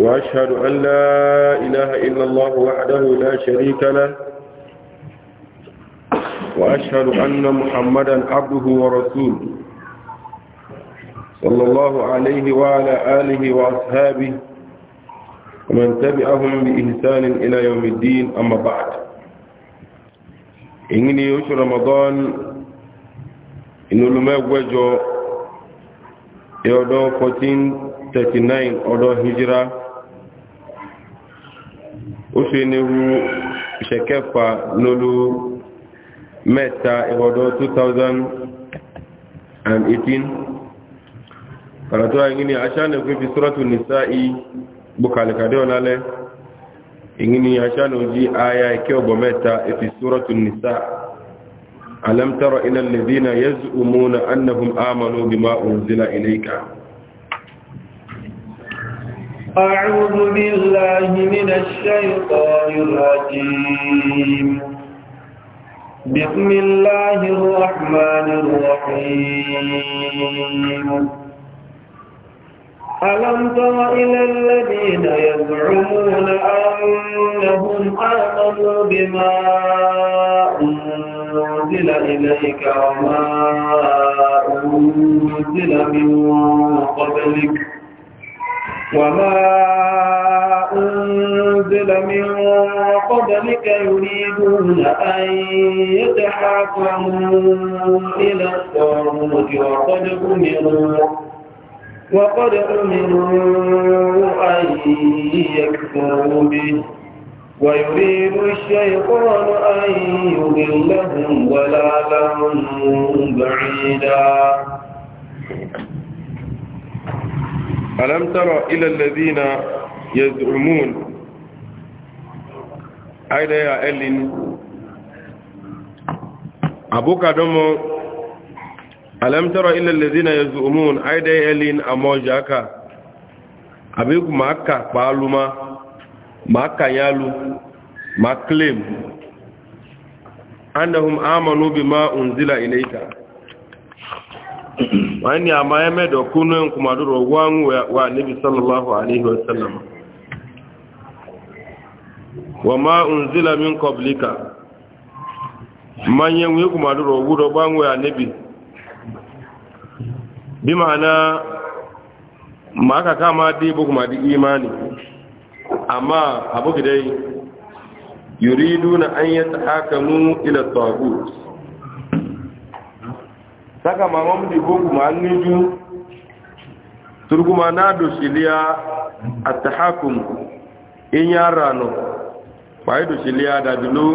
وأشهد أن لا إله إلا الله وحده لا شريك له وأشهد أن محمدا عبده ورسوله صلى الله عليه وعلى آله وأصحابه ومن تبعهم بإحسان إلى يوم الدين أما بعد إنني يوش رمضان إنه لما يوجه يوضو 1439 أدو هجرة ó ṣe nírú ìṣẹ̀kẹfà lólú mẹ́ta ìwọ̀dọ̀ 2018 karatu a yìí ni aṣáàlẹ̀ fún fi sọ́rọ̀tù nìsá ì bukalikade ọ̀lálẹ́ yìí ni aṣáàlẹ̀ ojí aya ikẹ́ ọgbọ̀ mẹ́ta ìfi sọ́rọ̀tù nìsá alamtara ilẹ̀ lèdínà أعوذ بالله من الشيطان الرجيم بسم الله الرحمن الرحيم ألم تر إلى الذين يزعمون أنهم آمنوا بما أنزل إليك وما أنزل من قبلك وَمَا أنزل من قبلك يريدون أن يتحاكموا إلى الطاغوت وقد أمروا وقد أمروا أن يكفروا به ويريد الشيطان أن يضلهم ضلالا بعيدا ألم ترى إلى الذين يزعمون أين يا ألين أبوك دمو ألم ترى إلى الذين يزعمون أين يا ألين أموجاك أبيك ماكا بالوما ماكا يالو ماكلم أنهم آمنوا بما أنزل إليك wani amma ya mai da kunan kuma duro wani wa nabi sallallahu alaihi wasallam wa ma unzila min qablika manyan wi kuma duro gudo ban wa nabi bi ma'ana ma ka kama dai bu kuma di imani amma abu gidai yuriduna an yatahakamu ila tawagut saka ma ngom di bungu ma ngiju turku ma nado shilia atahakum inyarano faido shilia da dulu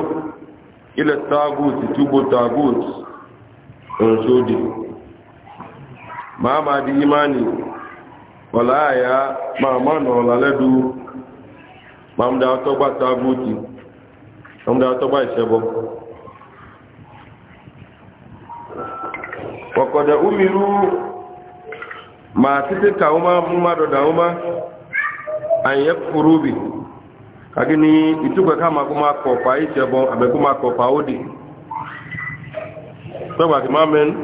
ila tagut tubo tagut onsodi mama di imani wala ya mama no laledu mamda to gba taguti mamda to gba isebo وقد أمروا ما تتك أما مما دود أما أن يكفروا به agini ituka kama kuma kofa ichi abo abe kuma kofa odi sababu akimamen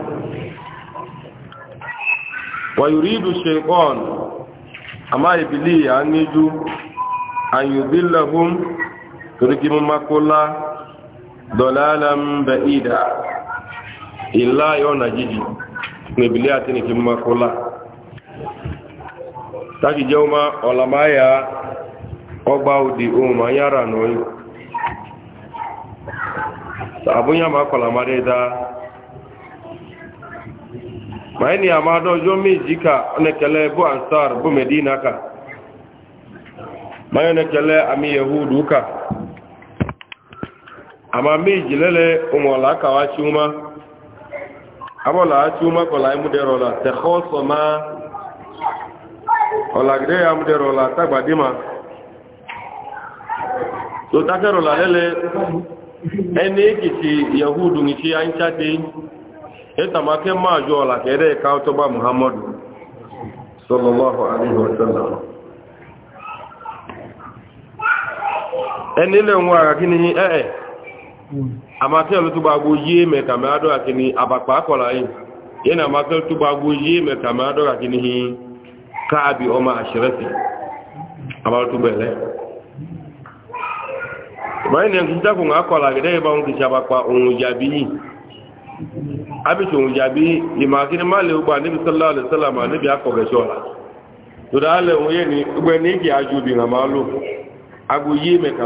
wa yuridu shaytan ama ibili aniju an yudillahum turki mumakola dalalan ba'ida ila yona jiji nibili ati ni kimma kula taki joma olama ya ọgba udi ụmụ yara n'oyi abụnya ma akọlamara da ma ni ama dojo meji ka onekele bu ansar bu medina ka ma onekele ami yahudu ka ama meji lele ụmụ ọla akawachi ụma abola atuma kola imudero la tekhoso ma olagde ya mudero la tagbadima to takero la lele eni kiti yahudu ngi anchade etamake majo la kere ka otoba muhammad sallallahu alaihi wasallam eni le nwa kini eh eh amakẹ́lù tó a gbó yé mẹ́ta mẹ́ adọ́ra kí ni àbàpá kọ̀lá yìí yẹn ni amakẹ́lù tó bá gbó yé mẹ́ta mẹ́ adọ́ra kí ni káàbì ọmọ àṣírẹ́sì abalótúbẹ̀lẹ́ báyìí ni ẹ̀kùn jákùn níbi la tòdà alẹ́ òun yẹn ni gbẹ ní ìkì ajú obìnrin àmà lò agbo yé mẹ́ta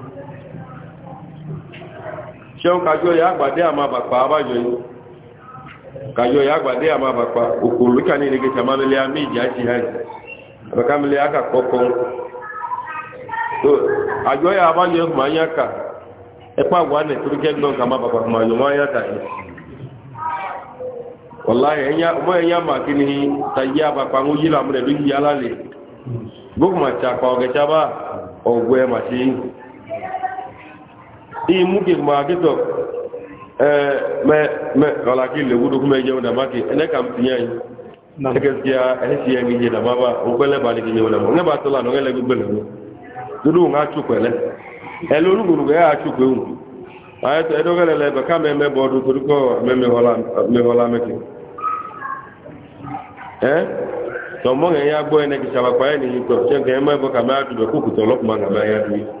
ṣeun kàjọ ya àgbàdé àmà àbàpà àbájọ yìí kàjọ ya àgbàdé àmà àbàpà òkòlùkà ní ilẹ̀kẹ̀ sàmàmìlẹ̀ àmì ìjà ti hàn àbàkàmìlẹ̀ àkàkọ́kọ́ àjọ ya àbájọ yìí máa ń yá kà ẹ̀pá àgbà nẹ̀ tó kẹ́ gbọ́n kà má bàbà kò ń iyi muke ma gito eh, me me kalaki le wudu maki ene kam tinyai ne gaskiya eh shi yangi je baba o bele ba ni kinyo na mo ne ba tola no ele gbele mo dudu nga chukwele ele oluguru ga ya chukwe un ayo to edo gele le ba kam me bo du ko me me hola me hola me ki eh to mo nge ya gbo ene ki sala kwa ni to che nge me bo kam ya du be ku to lok ma ba ya du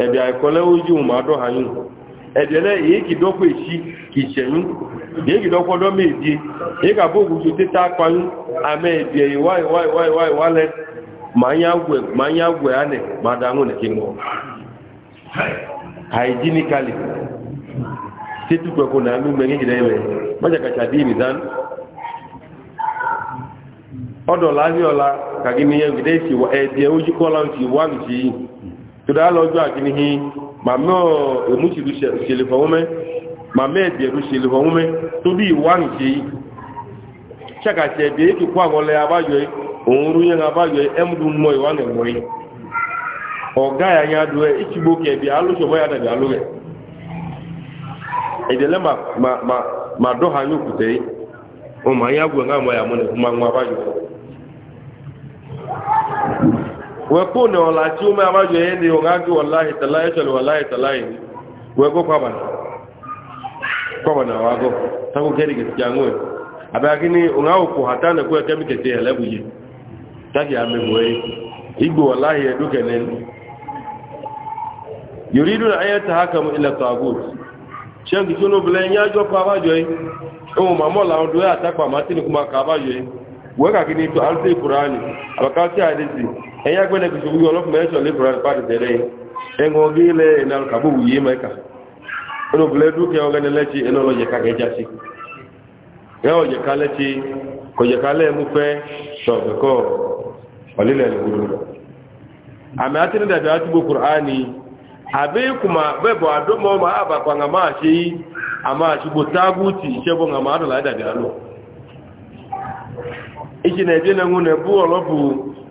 ẹ̀bí àìkọlẹ́ ojú ma dọ́ hanyún ẹ̀dẹ̀lẹ́ èyíkì dọ́pọ̀ èṣí kìí ṣẹ̀yún èyíkì dọ́pọ̀ dọ́mọ̀ èdè èyíkì àbóògùn tó tẹ́ta payún àmẹ́ èdè ìwà ìwà ìwà ìwà ìwà lẹ ma ń yàgbẹ̀ ánẹ̀ ma dánú nẹ̀ kí mọ́ àìjíníkalì tẹ́tùpẹ̀kù náà ló mẹ́rin jìdẹ́ ẹ̀mẹ́ mọ́jàkàṣà dí ìmìdán ọdọ̀ láàrín ọ̀la kàgí ni ẹ̀dẹ̀ ojú kọ́lá ti wá nìṣe yìí tòdá lọ́jọ́ àkíníhí màmí ọ̀ èmúṣìlú ṣẹlẹ̀ fọ́wọ́mẹ́ màmí ẹ̀dẹ̀rú ṣẹlẹ̀ fọ́wọ́mẹ́ tó bí ìwáhùn ṣe yìí ṣàkàṣẹ̀ ẹ̀dẹ̀ ètò kó àwọn ọlẹ́ abájọ́ òun rú yẹn abájọ́ ẹ̀mùdù mọ ìwáhùn ẹ̀wọ̀ yìí ọ̀gá àyàn adó ẹ̀ ìṣìgbó kẹ̀bí alóṣọ̀bọ́ yà dàbí alóhẹ̀ na wẹ́pọ̀ ní ọ̀la tí ó máa májọ yẹ́ ni ọ̀gá gbé wọláhì tàláyé tẹ̀lé wọláhì tàláyé ni wẹ́gbọ́ pàbànà pàbànà wà gọ́ tako kẹ́rì kẹsì jàngó ẹ̀ àbẹ́kí ni ọ̀gá òkú àtànàkú ẹ̀kẹ́mí kẹsì ẹ̀lẹ́bùyẹ tákì àmẹ́bù ẹ̀ igbó wọláhì ẹ̀dúkẹ̀ nẹ́nu yorí dùn ayé ta ha kàmú ilẹ̀ tàgùt ṣẹ́ǹkì tó nóbulẹ̀ ń yájọ́ pa àbájọ yìí ohun màmọ́ làwọn dúró àtàkpà màtínìkùmá kà àbájọ yìí wẹ́kàkí ni tó àlùfẹ́ ìkùránì àbàkà sí àdéjì ẹ̀yà gbẹ́lẹ̀ kìí ṣòwú ọlọ́pùn mẹ́ṣọ́ lébùrán pàdé tẹ̀lẹ̀ ẹ̀ngọ́ gílẹ̀ ìnàlù kàbúwù yìí mẹ́ka olóògùnlẹ̀ dúkìá ọgẹ́ni lẹ́tí ẹnọ́lọ́jẹ̀ká kẹjá sí ẹ̀ọ́jẹ̀ká lẹ́tí kọjẹ̀ká lẹ́ẹ̀mú fẹ́ ṣọ̀gbẹ̀kọ́ ọ̀lẹ́lẹ̀ ìwúlò àmì àtìrìndàbí àtúgbò kùránì àbẹ́kùmà bẹ́bọ̀ àdọ́mọ́ ma àbàkwà nga máa ṣe yí a máa ṣe gbò tágútì ìṣẹ́bọ̀ nga máa dọ̀lá ìdàbí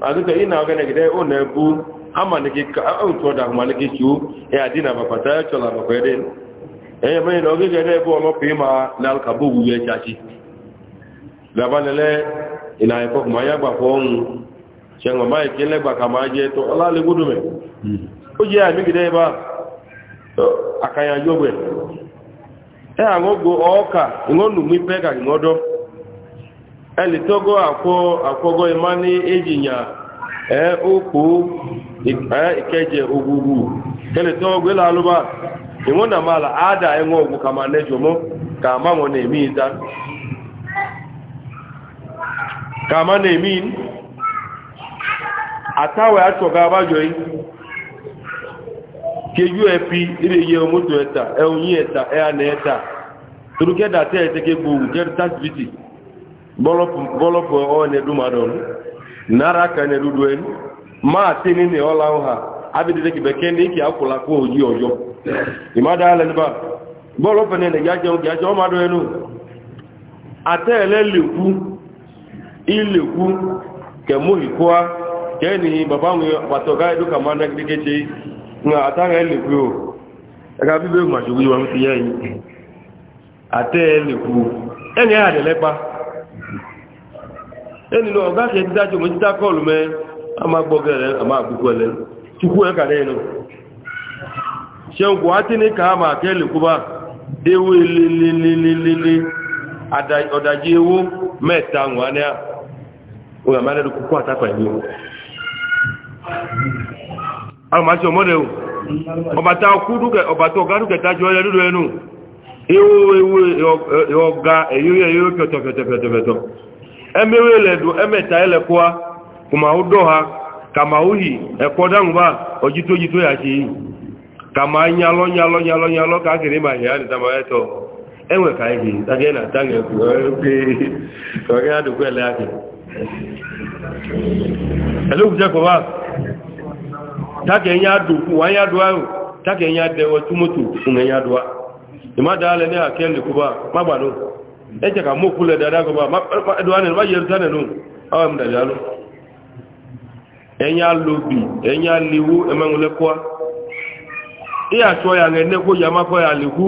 aduka ina ogene gide ona bu amaniki ka auto da maniki chu e ya dina e ba pata chola ba kwede e me no gige de bu lo pima lal kabu ye chachi labalele ina ko ma ya gba ko un chengo mai kele gba ka ma je to ala le gudu me o je ami gide ba akanya jogwe e ango go oka ngo nu mi peka ngodo elitogo akwogo imani ejinya ee okpu ikeje ogwugwu kelitogo ịla alụba ịnwụ na mala ada enwe ogwu ka ma nejomo ka amanwo na emi ịda ka ma na-eme atawe achọga abajoyi keju ẹpi ireye moto ẹta ẹoyin e ẹta ẹanẹ e ẹta torukẹdà tẹ ẹtẹkẹ gbòòwò kẹrìtàsibiti bọ́lọ́pù ọ́nà ẹ̀dùnmọ́dọ̀nù nára aka ní ẹ̀dùdù ẹni máa tí ní ní ọlá ń ha abidide kìbẹ̀ kẹ́ ní kí akùlà kó òyí ọjọ́ ìmádá alẹ́nibà bọ́lọ́pù ní ẹ̀dẹ̀ yájẹun yájẹ ọmọdọ̀ ẹnu àtẹ́ẹ̀lẹ́ lèkú ilèkú kẹmú ìkóa kẹ́ni bàbá àwọn pàtọ́gá ẹ̀dùkà máa ná kékeré àtàrẹ́ lèkú o ẹ̀ka bíbélì màṣúgbì wọn fi yẹ́ yìí àtẹ́ẹ̀lẹ́kú ẹni àdẹ̀lẹ́pa ẹni lọ ọgá ṣe dídájọ mọ títà kọlù mẹ a máa gbọgẹ rẹ a máa gbogbo ẹlẹ tukú ẹ kàdé ẹnu ṣẹun kò á tí ní ká máa kẹ́lì kúbá ewu lelelelele ọ̀dàjì ewu mẹ́ta wọn ni wọn àmà lẹ́nu kúkú àtàkọ̀ ẹ̀mí o àwọn máa ṣe ọmọdé o ọba tá ọkú dúkẹ ọba tó ọgá dúkẹ tájú ọyẹ dúdú ẹnu ewu ewu ọgá ẹyọ ẹyọ pẹtọpẹtọpẹtọpẹtọ emewe eledu emeta elekwa kuma udo ha kama uhi ekoda ngba ojito ojito ya chi kama nyalo nyalo nyalo nyalo ka gere ma ya ni tama eto enwe ka ihe tage na tange ku oke to ake ẹjẹ ka mọ́kú lẹ̀ dáadáa gọba ẹdùwánẹ̀ ma yẹrù tánẹ̀ lóhun àwọn ẹmù dàbí alú ẹ̀yà lóbi ẹ̀yà lewó ẹmẹ́rùnlẹ́kọ́á ìyà tó ọ̀yà rẹ̀ nẹ́kọ́ yà máa kọ́yà lèkú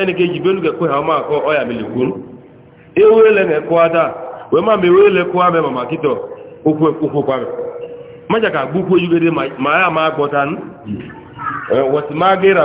ẹni kejì bẹ́lú kẹ́kọ́ yà máa kọ́ ọ̀yà mi lèkú ewé lẹ́rẹ̀ kọ́ adá wẹ́ máa mewé lẹ́kọ́ abẹ́ màmá kítọ̀ okú ẹkú pamẹ́ májà ká gbúkú yúgede máa máa gbọ́ta nù wọ́n ti máa gẹ́ra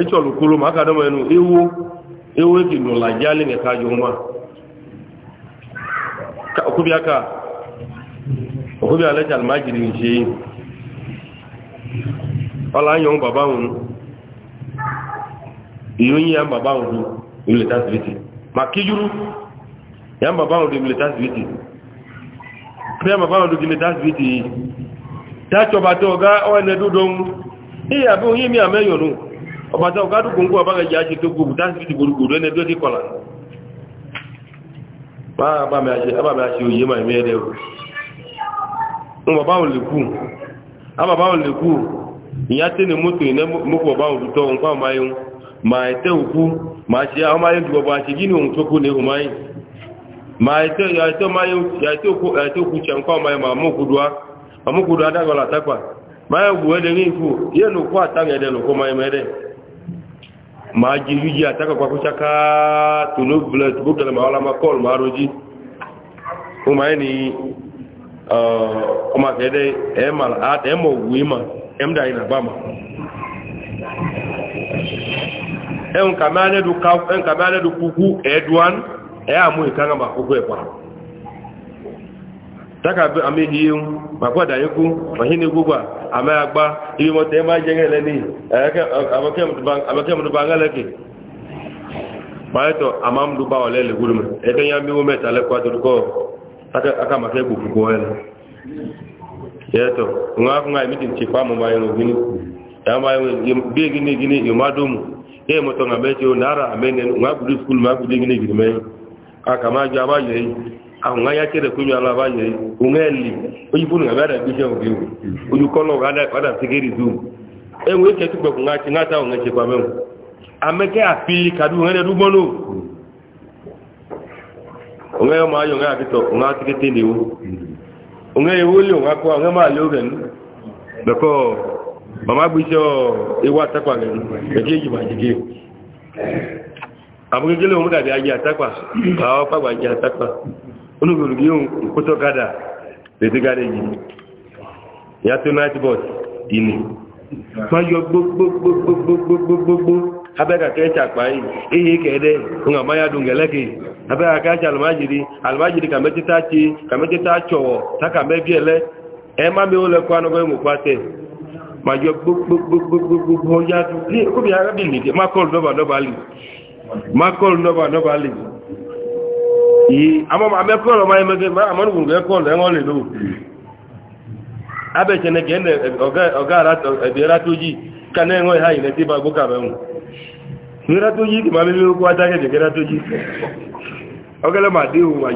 echọlụ kwuru ma aka dọma enu ewu ewu eki nụla jali nke ka jụma ka okwubi aka okwubi alecha ma jiri nche ọla anyọ baba nwụrụ iyo onye ya baba nwụrụ milita siriti ma kijuru ya baba nwụrụ milita siriti pịa baba nwụrụ milita siriti ta chọbata ọga ọ na-edudo m ihe abụghị ime ya meyọrọ ọbata ụkadụkwu ngwa ọbaghị ji aji tokwu bụ tasiri dị gburugburu dị kọla abamaghachi oyi ma eme ere ababanwulekwu ya te na moto na mokwu ọbanwulu tọ nkwa mmanyi ma ete ukwu ma chi ahụmahị dụ ọba chi gị na na ma ete okwu cha nkwa mmanyi ma ya na ata ga na máa jí yújí àtàkà pàkó ṣaká tó ló bẹ̀rẹ̀ tó kẹlẹ̀ máa ọlámà kọ́ọ̀l máa rojí ó máa ní ọmọ akẹ́dẹ́ ẹ̀mọ̀ òwúwé mà ẹ̀mdà yìí nàgbà mà ẹ̀hùn kàmẹ́ alẹ́dù kúkú ẹ̀dùn ẹ̀ àmú ìkáńgá mà kókó ẹ̀pà tákà àmì ìhìyẹ́ mà kó àdáyé gbogbo ame agba ibi mɔtɛ ma dze ŋɛ lɛ ni ɛkɛ amekɛmudu ba ŋɛ lɛ ke mayɛtɔ amamudu ba ɔlɛ le gudu me ɛkɛ nya mi wo mɛ ta gini ya ma yɛ bi nara amɛ nɛ ŋa gudu sukulu ma gudu gini gini àwọn ayá tẹ́rẹ̀ kó yọ alábá yẹ òun oyi lè ojú fóònù àbí àdàgbéṣẹ́ òbí o ojú kọ́nà padà ségérì zoom ẹ̀wọ̀n ti ńláta òun ẹ̀ṣẹ̀ pàmẹ́ o amẹ́kẹ́ àfili kàdú òun ẹ̀ dúgbọ́n nù òun ẹ̀ máa yọ òun ẹ̀ àfitọ̀ máa lé yìí máa dàbí olùgbòrògbé yóò nkótó gada lèdè gada yìí yàtọ̀ night bus ìní máa yọ gbogbogbogbogbogbogbogbo abẹ́ka kẹ́ẹ̀tsà pààyè eye kẹ́ẹ̀dẹ́ ń àmọ́ ya dùn gẹ́lẹ́kẹ́ abẹ́ka kẹ́ẹ̀tsà alùmájìrì alùmájìrì kàmẹ́tẹ́tà tsi kàmẹ́tẹ́tà tsọ̀wọ̀ takàmẹ́bí ẹlẹ́ ẹ má mi wọ́n lẹ kó anọ́gbẹ́ mọ̀ pàtẹ́ máa yọ gbogbogbogbogbogbo yàtọ̀ kóbi arábìnrin má kọ́ọ̀lù nọ́bà nọ́bà lì má kọ́ọ̀lù nọ́bà nọ́bà lì. ma amekọlọ ma emege amanugwu ga ekọlọ enwe le n'owu abẹ cheneke ene ọga rata oji ka na-enwe ha yi n'eti bagbo ka benwu nrata oji ma mmiri okwu adaghị ejege rata oji ogele ma dị iwu ma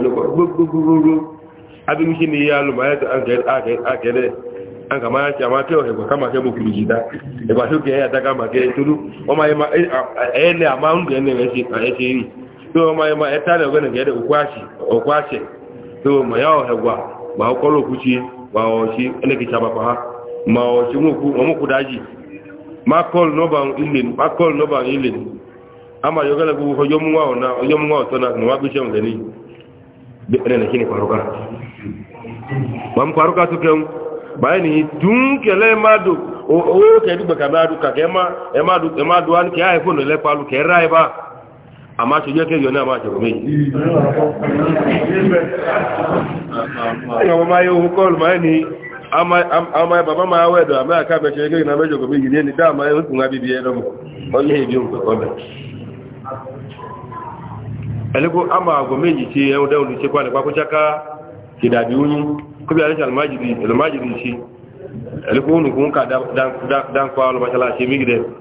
na ihe alụ ma akede ya ma kama ma a ene ama ene tó oh, ma ma ẹta lẹ ọgbẹni gẹdẹ òkú àṣẹ tó ma yà oh, ọhẹwà ma ọkọ lókù tí ma ọṣí ẹlẹkìtì àpapọ̀ ha ma ọṣí ọmọkù dájì ma kọl nọba ilẹ̀ ma kọl e, e, a ma yọ gẹ́lẹ́ gbogbo ọjọ́ múwá ọ̀nà ọjọ́ múwá na a ma m kwaruka tó kẹ́ báyìí dùn kẹlẹ́ ní lẹ́pàá lù àmá ṣojú ẹkẹ́jọ náà máa ṣẹ̀rọ méjì ọmọ máa yẹ ohun kọlù máa ní àmá bàbá máa wẹ́dọ̀ àmá àkábẹ̀ṣẹ̀ ẹkẹ́jọ náà mẹ́jọ méjì ní ẹni dá àmá yóò tún àbíbí ẹlọ́mù ọlẹ́ ìbí ohun kọ̀kọ́lẹ̀ ẹlẹ́kọ́ àmà àgọ́ méjì tí ẹun dẹ́un pa nípa kúcháká kìdàbí oyún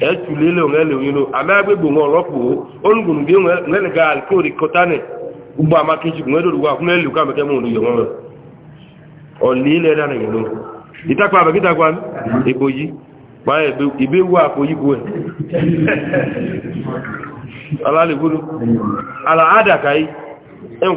etulele onwe le onyelo amagbe gbo nwe ọlọpụ olugunu gị ga le gal kori kotani nwe dorugo akwụ n'elu ka meke mụrụ yo nwe olile da na yelo ebe e. ala le gulu ala ada kai en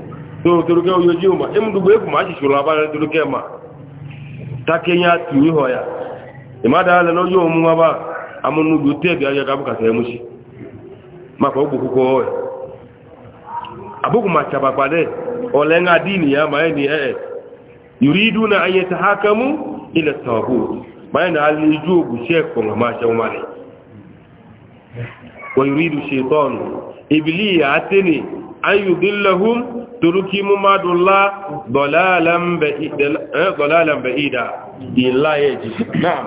so toroke oyoji ma emudugbo efu ma achịchụrụ abalị toroke ma a tuwe họ ya ịmada ala na oyo omume ba amụnugbo tebi ga abụkwụ ma chabakpade ole nga dini ya ma ni ee yuridu na anya ta haka mu ile tawabu ma ya na ogbu ma ويريد الشيطان إبلي عتني أن يضلهم تركي مماد الله ضلالا بعيدا ضلالا بعيدا لا يجي نعم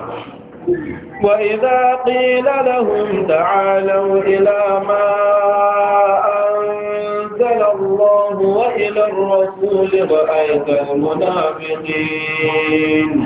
وإذا قيل لهم تعالوا إلى ما أنزل الله وإلى الرسول رأيت المنافقين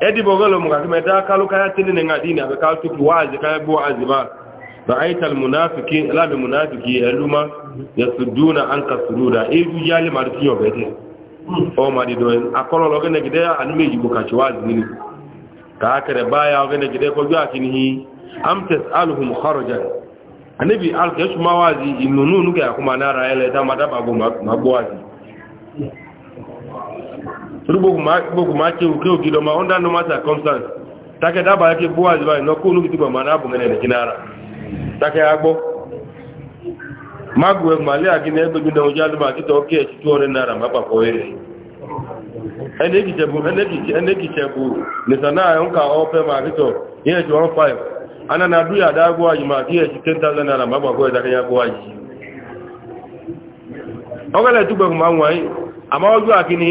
edi bogalo mu kakime da kalu kaya tini ne ngadini abe kalu tuki wazi kaya bu wazi ba ra'aita almunafiki la bi munafiki yaluma yasuduna anka sududa eju yali marki yo bete hmm. o mari do akolo lo gene gide anu meji bu kachi wazi ni ka kare baya o gene gide ko jwa kinhi am tasaluhum kharajan anabi alkashma wazi inunu nuka kuma nara ele da madaba go magwazi torí gbogbo máa ṣe òkè òkè lọ ma under normal circumstance take dábàá kí bó àjọ ìná kó olóbi tí gbọ̀n máa dáàbò mẹ́rin ẹ̀dẹ̀kí náà take agbọ́ mágù ẹgbùn alẹ́ àgínà ẹgbẹ̀gbẹ̀ náà ojú alùmọ̀ àkítọ̀ ọkẹ́ ẹ̀ṣì tó ọrẹ náà má pàpọ̀ rẹ̀ ẹnẹ́kìṣẹ́bù nìsànà ẹ̀ǹkà ọpẹ́ máa àkítọ̀ ní ẹ̀ṣì 15 anána dúyà dágbó àyìmọ̀ àti ẹ̀ṣì 10,000 náà má pàpọ̀ rẹ̀ dákẹ́yàgbó àyì ọgọ́lẹ̀ ọjọ́ àkíní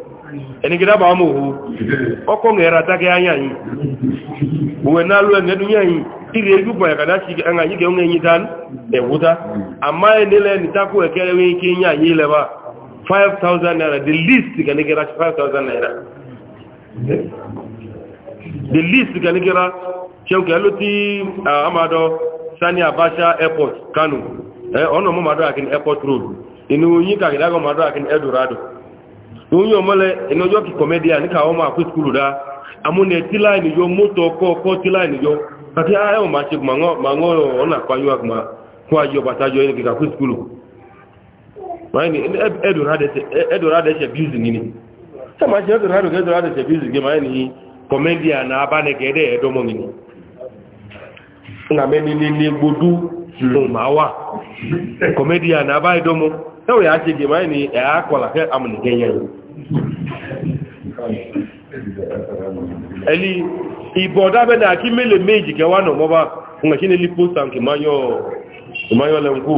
ẹni kí dábàá mọ̀ òhù ọkọ̀ ń ẹ̀rọ atákẹ́ ányà yìí òwe náà ló ẹ̀ngẹ́dún yẹ̀ yìí tíri ejú pọ̀ ẹ̀kàdá sí ẹ̀ngà yìí kẹ́hún ẹ̀yìn the least kẹ́ni kẹ́ra 5000 naira the least kẹ́ni kẹ́ra ṣẹ́kẹ́ ló ti sani abasha airport kano ọ̀nà mọ́ màdọ́ airport road inú yín kàkìdágọ́ màdọ́ àkíní eldorado onye omele enojo ki comedian ka o ma ku skulu da amune tiline yo moto ko ko tiline yo ati ayo ma che mango mango ona kwa yo akma kwa yo batajo ile ki ka ku skulu maini edu rade e, edu rade che busy nini sama che edu rade edu rade che busy ge maini comedian na abane na me ni ni gbodu lo hmm. ma na ba edo mo ewe ya che ge maini e akola ẹni ìbọ̀dá bẹ́ẹ̀ náà kí mélè méjì kẹwàá náà mọ́bá fún ẹ̀kí ní lípòsàn kì máa yọ lẹ́nkú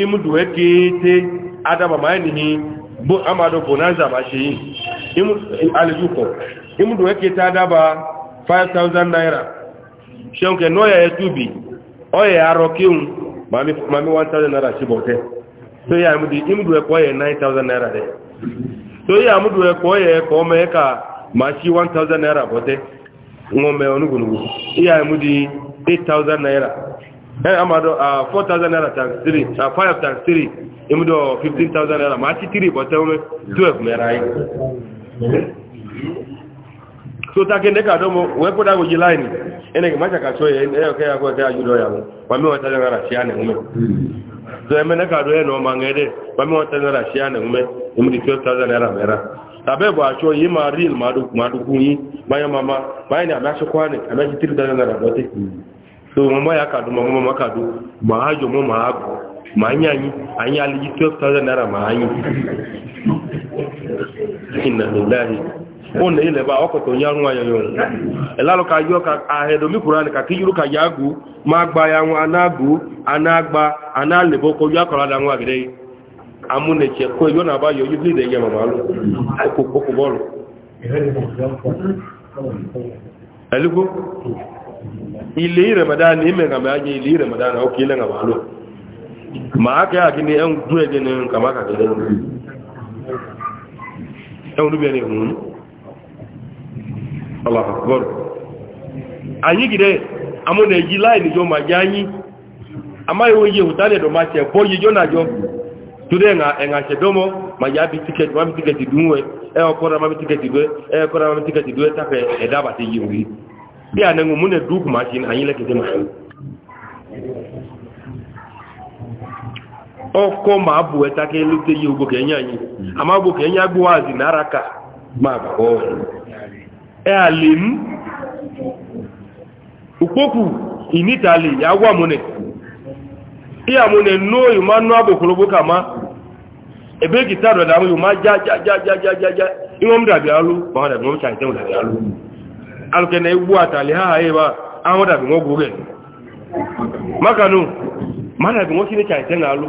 ìmúdù ẹ kéèté adábàmá ẹni amado bonanza ma ṣe yìí alìjú kọ̀ naira ṣẹ́unkẹ̀ náà ẹ̀ túbì ọ̀yẹ̀ arọ kíhun mami 1,000 naira ṣíbọ̀tẹ́ tó yà ìmúdù ẹ kọ́ ẹ̀ 9,000 naira rẹ̀ so yi amudu ya e koye ko me e ka ma shi 1000 naira bote ngome onugunugu iya amudi 8000 naira eh amado a ah, 4000 naira times 3 a 5 times 3 imudo 15000 naira ma shi 3 bote ome 12 mera yi so takende ka domo wepo dago jilaini ene macha kachoye ene okay akoya ajudo yawo wamwe watale ngara shiane ume so ne ka do ye no ma ngede ba mi wata nara shi ana ngume imi di 12000 naira mera tabe bo acho yi ma real ma du ma du kunyi ba ya mama ba ni ama shi kwani ama shi 3000 naira do so mama ya ka do mama mama ka do ma hajo mo ma ma anyị anyị anyị alịghị 12,000 naira ma anyị ụna ileba ọkọta onye anwụ anya yọrọ elalụ ka yọ ka ahịdomi kwuru anyị ka kijuru ka ya agụ ma agba ya nwa anagụ anagba analeba ọkọ yọ akọrọ ada nwa gide amụneche kọ yọ na abayọ yọ gide ya mama alụ okwu bọọlụ elugo ile iremadan ime ga ma anya ile iremadan ọkụ ile ga ma alụ ma aka ya gini yan duwe gini kama ka gada yan duwe ne hun Allah akbar anyi gide amu na yi lai ni jo ma ya anyi ama yi oye hutane do ma se boye jo na jo tude nga nga se domo ma ya bi ticket ma bi ticket dunwe e okora ma bi ticket dwe e okora ma bi ticket dwe ta pe e da ba te yi wi bi anengu mune duk ma tin anyi le kete ma ọkọ ma bụ etaka elute ya ugbo kenye anyị ama bụ kenye agbụwazi na araka ma bụọ eali m ukpoku initali ya gwa mune iya mune n'oyi ma nnu abụkwụrụgbụ ka ma ebe gita dọda amụghị ma ja ja ja ja ja ja ja ihe m dabi alụ ma ọ dabi nwoke nke m dabi alụ alụke na egwu atali ha ha ebe ahụ dabi nwoke oge maka nụ ma dabi nwoke ne nke na alụ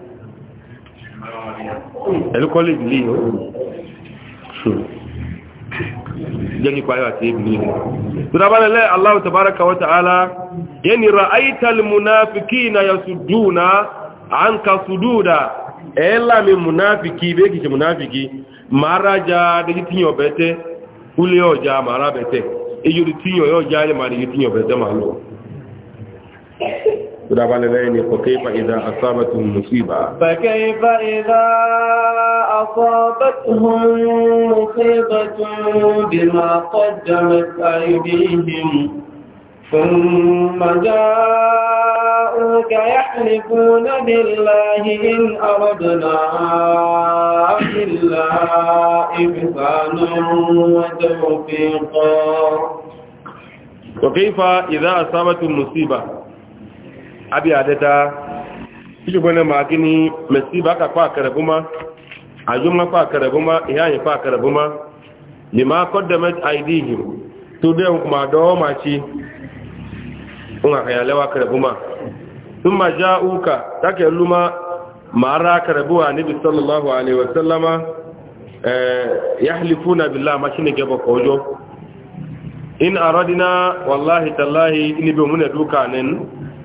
ẹ̀lú kọ́lẹ̀jì lè yọ ṣòro jẹ́ kí pàyọ̀ àti ẹbí lè tọ́dábálẹ̀lẹ́ aláwọ̀ tàbárakà wata ala yẹ́ ni ra aital munafiki na ya suduna an ka sududa munafiki bẹ́ munafiki mara ja bẹ́tẹ́ سلابان فكيف إذا أصابتهم مصيبة فكيف إذا أصابتهم مصيبة بما قدمت أيديهم ثم جاءوك يحلفون بالله إن أردنا إلا إبسانا وتوفيقا وكيف إذا أصابت المصيبة abi adeta ijibone ma gini mesi baka kwa karabuma ajuma kwa karabuma ihaye kwa karabuma lima qaddamat aydihim tude kuma do ma ci unga kayalewa karabuma thumma ja'uka take luma mara karabuwa nabi sallallahu alaihi wasallama eh yahlifuna billahi mashine gaba kojo in aradina wallahi tallahi ni be mun duka nen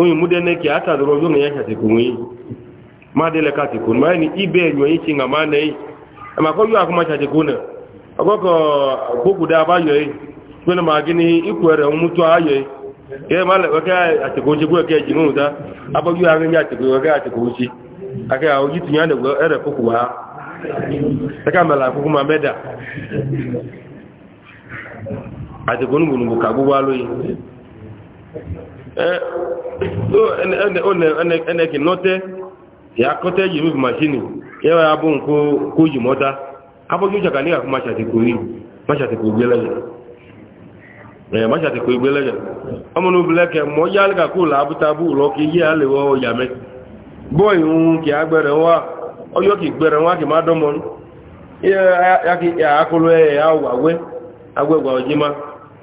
onye mudene ki ata doro yo nge yaka tikunwi ma dele ka tikun ma ni ibe nyo yichi nga mane yi ma ko yo akuma cha tikuna agoko bugu da ba yo yi kuna ma gini ikwere mutu ayo yi ye ma le ka atikunji ku ke jinu da abo yo anga ya tikun ka atikunji aka o yitu nya ne go ere kuku wa saka mala kuku ma meda atikun gunu ka guwa loyi ẹnẹ́kì nọ́tẹ́ ya kọ́tẹ́ yìí Masi màṣínì yẹ́wà abú nkó kó yìí mọ́ta abọ́jú ìjàkà ní àkọ́ maṣàtìkò rí maṣàtìkò ìgbélẹ́yẹ̀ ọmọnú bilẹ́kẹ̀ mọ́ yálẹ́kà kó ya lọ kí yí yàmẹ́ bọ́ọ̀yì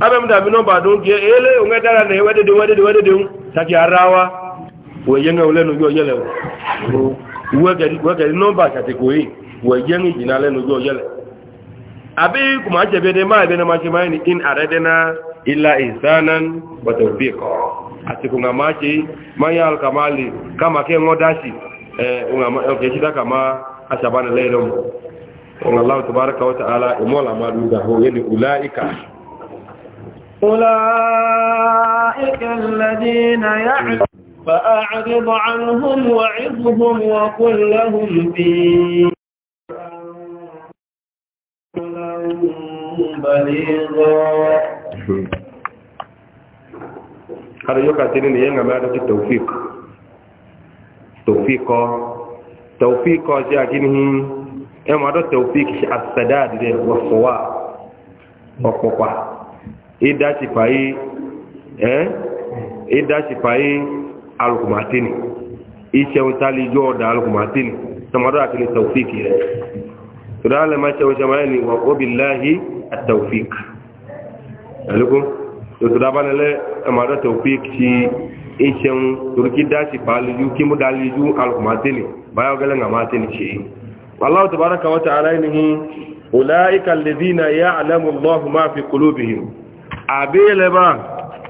abe mu dabi nomba don ke ele unga dara ne wede de wede de wede de taki arawa we yenga ule no yo yele we gari we gari nomba kate koi we na ma ke ma illa ihsanan wa tawfiqa ati kunga kamali kama ke ngodashi eh, unga ma kama asabana le rom Allah tabaraka wa ta'ala imola ma ulaika أولئك الذين يعلمون فأعرض عنهم وعظهم وقل لهم في بليغا هذا يوكا تنين ينغا مادة التوفيق توفيق توفيق جاء جنهم يوم هذا التوفيق السداد والصواب والقطع idasifayi ɛ eh? idasifayi alukumatini isɛw tali jɔ da alukumatini samadu akele tawfiki rɛ tura alama sɛw sɛmaya ni wa o bilahi a tawfik alikum tura bana lɛ amadu tawfik si isɛw turki dasifa aliju kimu da aliju alukumatini bayo gɛlɛ nga si wallahu tabaraka wa ta'ala nihi ya'lamu allahu ma fi qulubihim Abi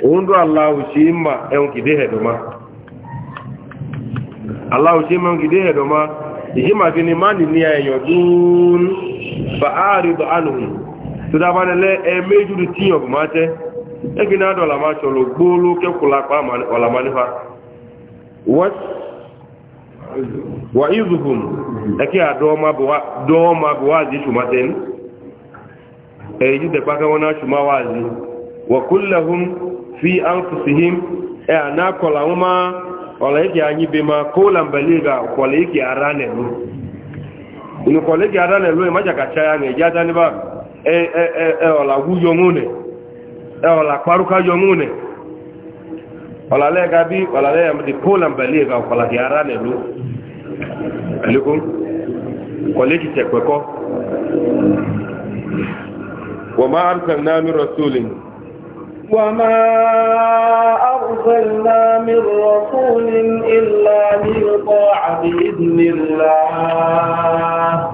ondu allahu chimba enkide eh, hedoma allahu chimba enkide hedoma ijima kini ni ayo dun fa arid anhum tudabana le emeju eh, ti yo mate ebi na dola ma cholo gbolo ke pa ma mani wa وكلهم في أنفسهم أنا كلهما ولكن يعني بما قولا بليغا ولكن أرانا inu kọlẹ́gì ara nẹ̀lú ẹ̀ májàkà ṣáyà ní ẹ̀já dání bá ẹ ọ̀là wúyọ mú nẹ̀ ẹ ọ̀là parúkà yọ mú nẹ̀ ọ̀làlẹ́ ga bí ọ̀làlẹ́ ẹ̀mọ́dé poland bẹ̀lẹ́ ẹ̀gà ọ̀kọ̀làgì ara nẹ̀lú ẹ̀lẹ́kún kọlẹ́gì tẹ̀pẹ̀kọ́ wọ́n máa ń tẹ̀lé náà mí rọ̀ وما أرسلنا من رسول إلا ليطاع بإذن الله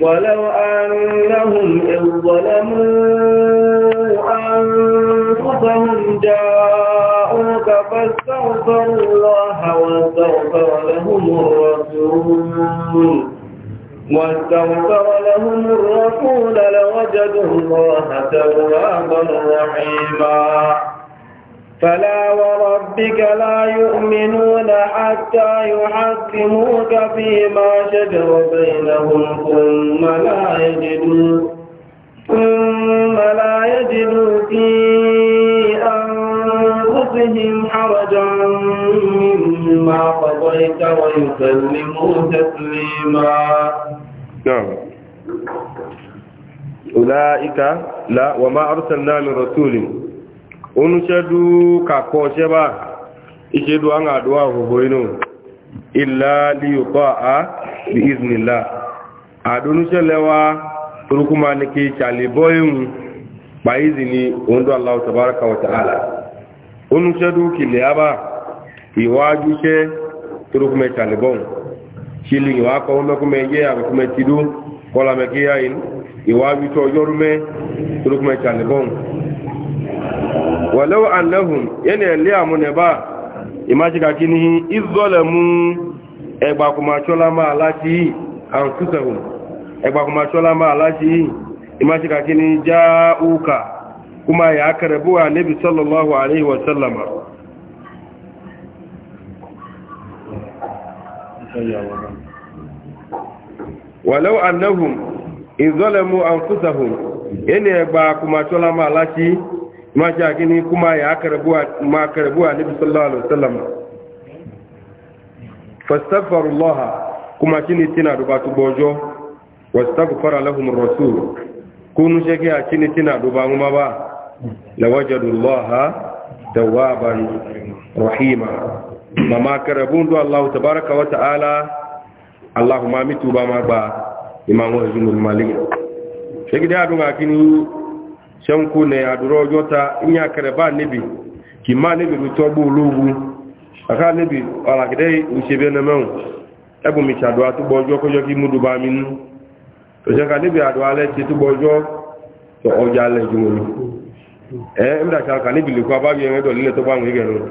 ولو أنهم إذ ظلموا أنفسهم جاءوك فاستغفروا الله واستغفر لهم الرسول واستغفر لهم الرسول لوجدوا الله توابا رحيما فلا وربك لا يؤمنون حتى يحكموك فيما شجر بينهم ثم لا يجدوا ثم لا يجدوا فيه ما قضيت ويسلموا تسليما نعم أولئك لا وما أرسلنا من رسول ونشهدوا كاكوشبا يشهدوا أن أدواه بينهم إلا ليطاع بإذن الله أدونشلوا turukuma ni ki caliboyin ba izini wanda Allah tabaraka wa ta'ala unu shadu ki liyaba iwaju se turu kume talibon shili iwa ko me kuma ye abi kuma tidu kola me kiya in iwaju to yorume turu kuma talibon walau annahum yana li amune ba imaji ka kini izolamu egba kuma chola ma lati an kusahum egba kuma chola ma lati imaji ka kini uka kuma ya karbu nabi sallallahu alaihi wasallama wàlẹ́wò anáhùn ìzọ́lẹ̀mú àǹfúsàhùn ẹni ẹgbà kùmàtọ́lá máa láti máa jẹ́ àkíní kú máa yà máa kẹrẹ̀búwà níbi sọ́lá alùsọ́lá fàstàfàrù lọ́ha kùmàtíni tínà dùbà tó gbọ́jọ́ wàstàfù fara lẹ́hùn rọ̀sùl kúnú ṣe kí àkíní tínà dùbà ń máa bá lẹ́wọ́jọ́dù lọ́ha tẹ̀wọ́ mama karabu ndo allah tabaraka wa ta'ala allahumma mitu ba ma ba imam wa zunul malik shegi da dunga kini shanku ne aduro jota inya karaba nibi kima nibi rutobu lugu aka nibi ala gide usebe na mawu ebu mi chadu atu bojo ko yoki mudu ba min to shega nibi adu ale ti tu bojo to oja le jumulu eh imda ka nibi liko ababi en do lile to ba mu igenu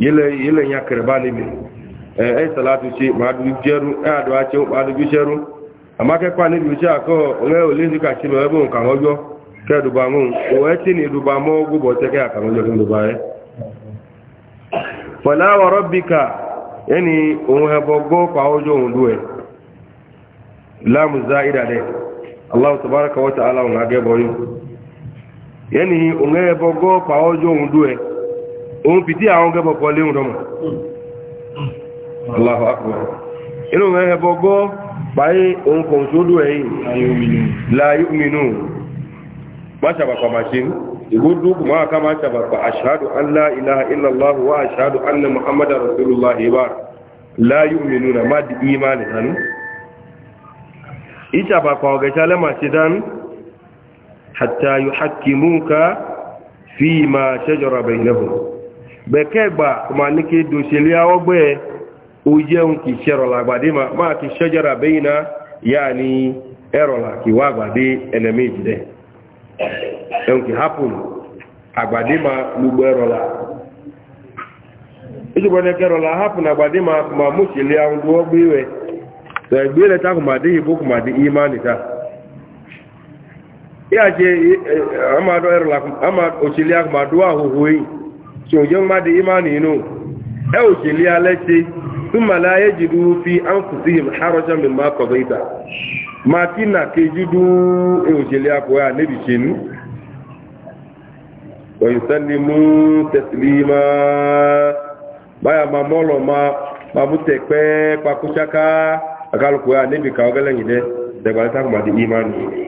yele nya kereba n'ime ee esalatu chi ma adụjeru e, adụ ache adụjucheru amakekwa na ebiuche akọ onwe ole ndị ka chibe ke chi na eduba ma ọgwụ ụbọchị ka aka ọjọọ ke duba ya fọlá wọrọ bika ẹni òun ẹbọ gbọ́ pa ọjọ́ òun òun fìdí àwọn gẹ́bọ̀ pọ̀ léhùn rọmọ̀ aláhù akọ̀ inú ẹ̀hẹ̀bọ̀ gọ́ báyé òun kọ̀ sódó ẹ̀yìn láyé òmìnú máa ṣàbàpà máa ṣe ìgbódú máa ká máa ṣàbàpà aṣáàdù allá ìlàhà ìlàláhù wá aṣáàdù allá muhammadu rasulullahi bá láyé òmìnú na má di imani hannu ìṣàbàpà ọ̀gẹ̀ṣà lẹ́mà ṣe dánú bekegba ma ni ke dosili awogbe o jeun ki serola gbade ma ma ki sejara beina yani erola ki wa gbade enemy jide eun ki happen agbade ma lugbo erola ijugbo ne kerola happen agbade ma ma mu sili awon duwo gbewe to egbe le ta kuma de ibo kuma de imani ta ya je amado erola amado osili akuma duwa huhuyi tsojon madi imani no ɗau kili alace sun malaye ji dufi an fusihim harajan min mako gaita na ke ji du ɗau ya akwai na bikin wani sanni mu ma molo ma ma mute kpe kpakushaka akaluku ya nebi ka ogele ngide dagbalita kuma di imani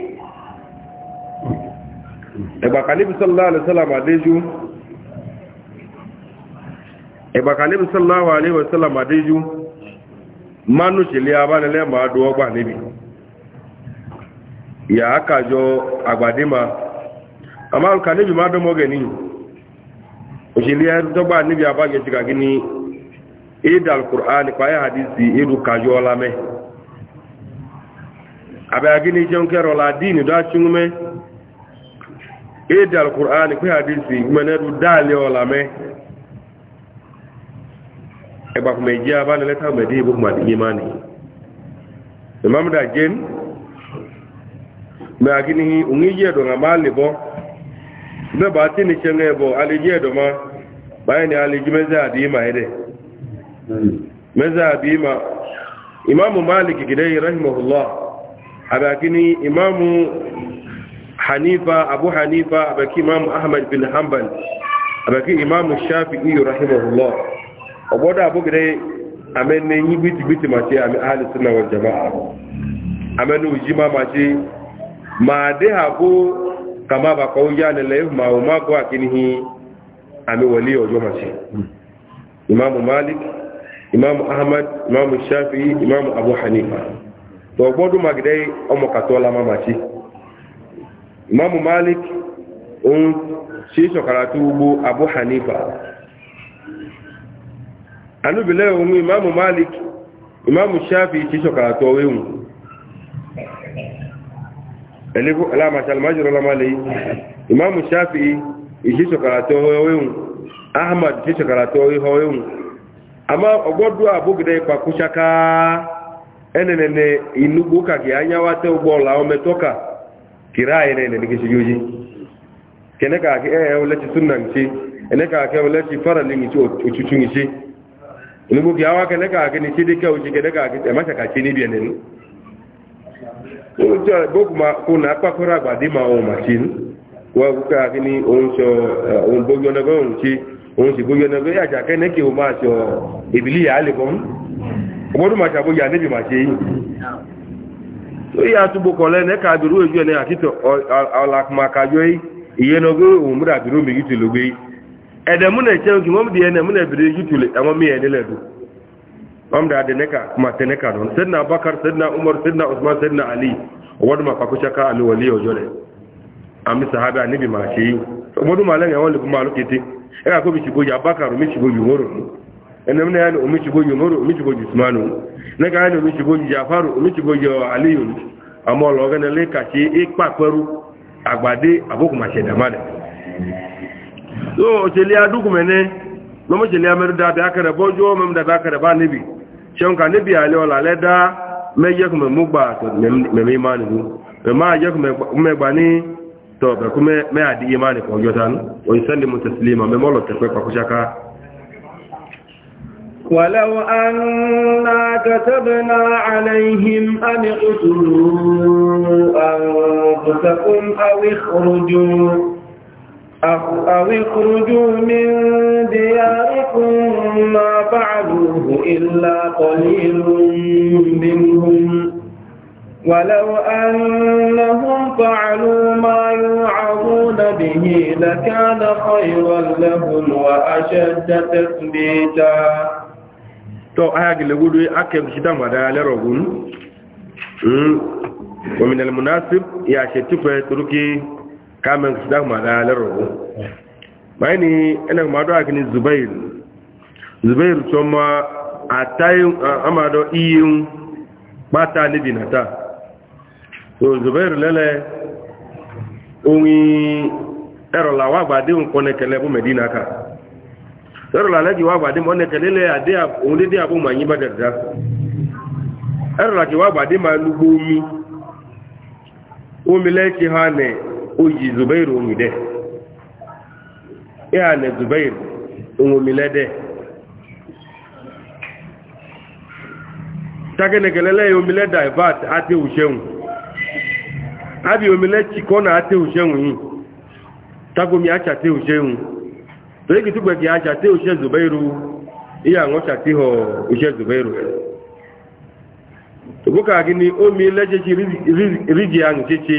ìgbàkà níbi sọ́láwà ní wẹ̀sọ́làm àdéjú mánú ṣìlẹ̀ abánilẹ́ máa dùn ọgbà níbi ìyà àkàjọ àgbàdé ma àmá ń ka níbi má dọ́mọ́gẹ̀ ní òṣìlẹ̀ dọ́gbà níbi abájẹ́ ti kàkí ní ìdà alkùrán pàyà àdìsí ìlú kàjọ ọlámẹ́ àbẹ̀yàgí ní jẹun kẹrọ ládìní dáṣúmẹ́ ìdà alkùrán pàyà àdìsí ìgbẹ̀nẹ́rù dáàlẹ́ ọlámẹ́ ẹgbà kùmẹ̀ jẹ́ abánilẹ́ta mẹ̀dé ìbò kùmà dìnyẹ máa nìyí ìmáàmùdà jẹ́ni mẹ́ àkíní òun yí ẹ̀dọ̀ nà máa lè tí ní ṣẹ́ngẹ́ ẹ̀bọ̀ alẹ́jí ẹ̀dọ̀ ma báyìí ni alẹ́jí mẹ́sẹ̀ àdìyíma ẹ̀dẹ̀ mẹ́sẹ̀ àdìyíma ìmáàmù máàlì kìkìdẹ́ yìí rahimahullah àbẹ̀ àkíní ìmáàmù hanifa abu hanifa àbẹ̀kí ìmáàmù ahmed bin hanbal àbẹ̀kí ìmáàmù shafi'i rahimahullah obodo abugire amene yi biti biti mace ami ahli sunna wal jamaa amene ujima mace ma de habo kama ba ko ya ne le ma o ma go akinihi ami malik imam ahmad imam shafi'i imam abu hanifa to obodo magide omo katola ma mace malik on shi shokaratu ugbo abu hanifa anúbìlẹ̀ ohun imamu malik imamu shafi ti ṣọ̀kàtọ̀ wéhùn ẹ̀lẹ́kọ́ alámàṣàlmájọ́ ọlọ́mọlẹ̀ imamu shafi ti ṣọ̀kàtọ̀ wéhùn ahmad ti ṣọ̀kàtọ̀ wéhùn àmá ọgbọ́dọ̀ àbúgidẹ ìpàkúṣaká ẹnẹ̀nẹ̀nẹ̀ inú gbókà kì ányáwá tẹ́ ọgbọ́ làwọn mẹ́tọ́kà kìrá ẹnẹ̀nẹ̀ ní kìí ṣe yóò yí kẹ́nẹ́kà kí ẹ̀ẹ́ ọlẹ́tì súnà ń olugo uh, ki awa kele kaa kini sidi kɛ o si kele kaa kini ɛma saka sini biɛ nenu ntɛ bokuma ko na kpakɔrɔ agbadi ma o ma sini wa ko kaa kini ohun sɔ ohun bojɔnɛgɔ ohun si ohun si bojɔnɛgɔ eya sa kɛ ne ke o ma sɔ ebili ya ale kɔn o bɔ duma sabo ya ne bi ma se yi o yi atubo kɔlɛ ne ka duro eju yɛ ne akitɔ ɔ ɔ lakuma kajɔ yi iye nɔgɔ ohun mu da duro mi yi tu logbe yi ede mụ na-eche oge mom dị ya na mụ na-ebiri yutule enwom ya nile du mom da adeneka kuma teneka don sedna abakar sedna umar sedna usman sedna ali wadda ma fakucha ka ali wali ojo ne ami sahabi anibi ma se yi obodu ma lenga wali kuma alukete ega ko bi shibo ya abakar mi shibo yu moro ene mne yani omi shibo yu moro omi shibo yu usmanu ne ka yani omi shibo yu jafaru omi shibo yu aliyu amọ lọ gẹnẹ lẹka ṣe ipa pẹru agbade abokuma ṣẹdamade so òṣèlé adúgùnmẹ́nẹ́ lọ́mọ́ṣèlé amẹ́rúdá bẹ́ akẹrẹ bọ́jú mẹ́mdà bẹ́ akẹrẹ bá níbi ṣeun ka níbi àlẹ́ ọ̀là lẹ́dá mẹ́yẹ́kùnmẹ́ mú gbà mẹ́mí máa nìkú mẹ́má yẹ́kùnmẹ́ gbà ní tọ̀bẹ̀ kú mẹ́ àdíyé máa nìkú ọjọ́ tán òyìnṣẹ́lẹ̀ mú tẹ̀sílẹ̀ mọ́ mẹ́mọ́lọ̀ tẹ̀pẹ́ pàkúṣáká ولو أنا كتبنا عليهم أن اقتلوا أنفسكم أو اخرجوا أو اخرجوا من دياركم ما فعلوه إلا قليل منهم ولو أنهم فَعَلُوا مَا يوعظون بِهِ لَكَانَ خيرا لهم وَأَشَدَّ تثبيتا تو اللي لغدوي أكيب شدام ودا لرغون ومن المناسب يا شتيفة تركي kamen su dama da halar rago ne ina kuma da ne zubair zubair tun ma a tayin amado iyin bata ni binata so zubair lele orin erola wà gbàdé nǹkan medina ka erola lẹ́jì wà gbàdé mọ́ nẹkẹlẹ lẹ́ òun dédé àbò mà yín bá dẹ̀dá ẹrọ̀lá omi omi ha oyi zubairu onyi de ya ne zubairu onwomile de tagenegelele ya omile divert ate ushenwu abi omile chiko na ate ushenwu yi tagomi acha te ushenwu torí kìí túgbẹ̀ kìí acha te ushe zubairu iya ngọ́cha tí họ ushe zubairu ògbókà gini omi lẹ́jẹ́ ríjì ahùn chéché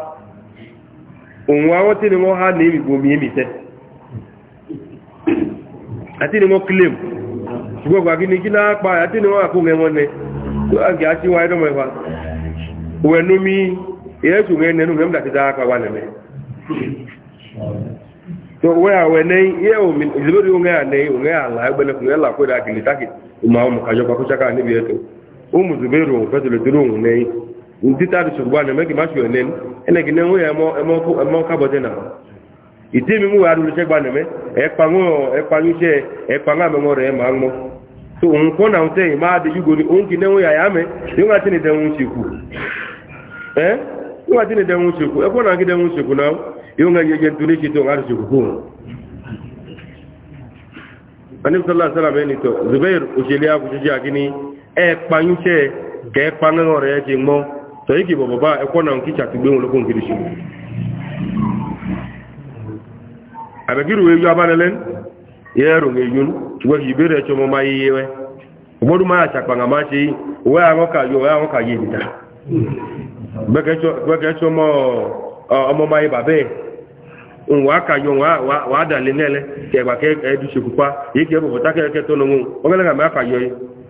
òun awọ́ tí ni wọ́n há ní ìgbòmí ìmìtẹ́ àti ni wọ́n claim ṣùgbọ́n ya ní kí náà pa àti ni wọ́n àkóhùn ẹwọ́n nẹ tó àgbà àti wáyé dọ́mọ̀ ẹ̀fà wẹ̀nú mi ẹ̀ẹ́sù rẹ̀ nẹnu mẹ́mdà na dára pa wà nẹ̀mẹ́ tó wẹ́ omi ìdílórí òun ntita di sogba na meki ma sio nen ene gi ya emo emo ku emo ka bote na ite mi gba e pa ngo e pa ni se e ma na de yugo ni ya ya me yo nga tini de un siku eh e ko na gi de un siku na yo nga ye ye tuni ki to nga ru siku ko annabi sallallahu alaihi wasallam ni tẹ̀yí kì bọ̀bọ̀ bá ẹkọ́ náà kí ṣàti gbé wọn lókún kiri ṣe àbẹ̀kírù eyu abánilẹ́ ya eyun ṣùgbọ́n kì í bèèrè ẹ̀ṣọ́ mọ́ máa yíyẹ wẹ́ ọgbọ́dún máa ṣàpàǹgà máa ṣe òwe àwọn kàyọ òwe àwọn kàyẹ ìdìta gbẹ́kẹ̀ẹ́ṣọ́ mọ́ ọmọ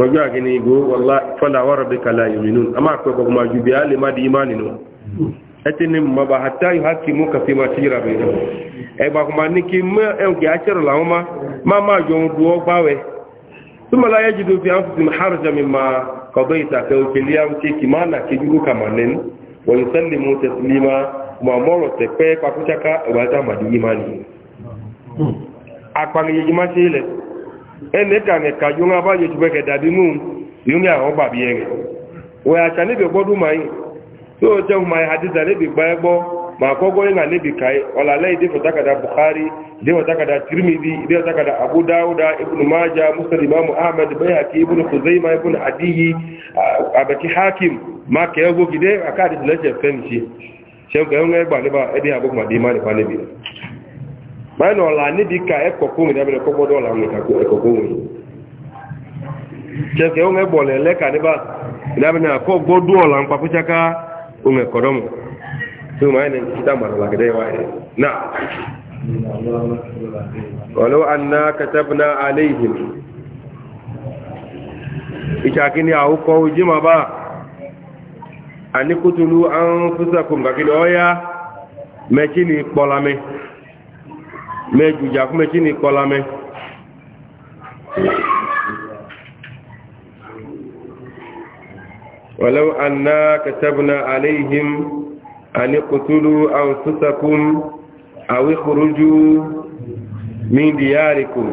tɔjɔ agini go wala fala wara bi kala yominu ama akpɛ kɔkɔ ma jubi ale ma di ima ninu ɛti ni ma ba hata yi haki mu kafi ma ti yira bi dɛ ɛgba kuma ni ki mɛ ɛnke atsɛrɛ la ma ma ma jɔn du ɔgba wɛ tumala yɛ dzidu fi an fi haraja mi ma kɔbɛ yi ta kɛ o keli an ti ki ma na ki jugu kama nɛni wɔyi sɛli mu tɛsili ma ma mɔlɔ tɛ kpɛ kpakutsaka ɛgba ta ma di ima ninu akpani yi ma se lɛ ene ka ne ka yunga ba yetu beke dabi mu yunga o ba biye o ya cha ne be godu mai so je mai hadiza ne bi gba egbo ma kogo ina ne bi kai ola le de fotaka da bukhari de fotaka da tirmidhi de fotaka da abu dauda ibnu majah muslim imam ahmad bayhaqi ibnu khuzaima ibnu adiyi abaki hakim ma ke ego gide akadi leje fenchi shem ka yunga egba ne ba edi e abu ma di ma ne bi báyìí nà ọ̀la níbi ka ẹ̀kọ́ kóhùn ní abẹ́rẹ́ kọ́kọ́ dọ́ọ̀la wọn ẹ̀kọ́ kóhùn kẹsẹ̀ ọ̀hún ẹ̀bọ̀ lẹ̀ lẹ́ka níbà ní abẹ́rẹ́ àkọ́ gbọ́dọ̀ ọ̀la ń papúṣáká ọ̀hún ẹ̀kọ́ dọ́mù tí ó máa mẹ́jùjà kúmẹ́ tí ní kọ́lá mẹ́ ولو أنا كتبنا عليهم أن اقتلوا أنفسكم أو اخرجوا من دياركم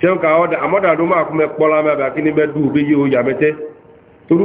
tẹ́wọ́n ká ọ́dà àmọ́dà ló máa kúmẹ́ kpọ́lá mẹ́bà kí ní bí yíò yà mẹ́tẹ́ torú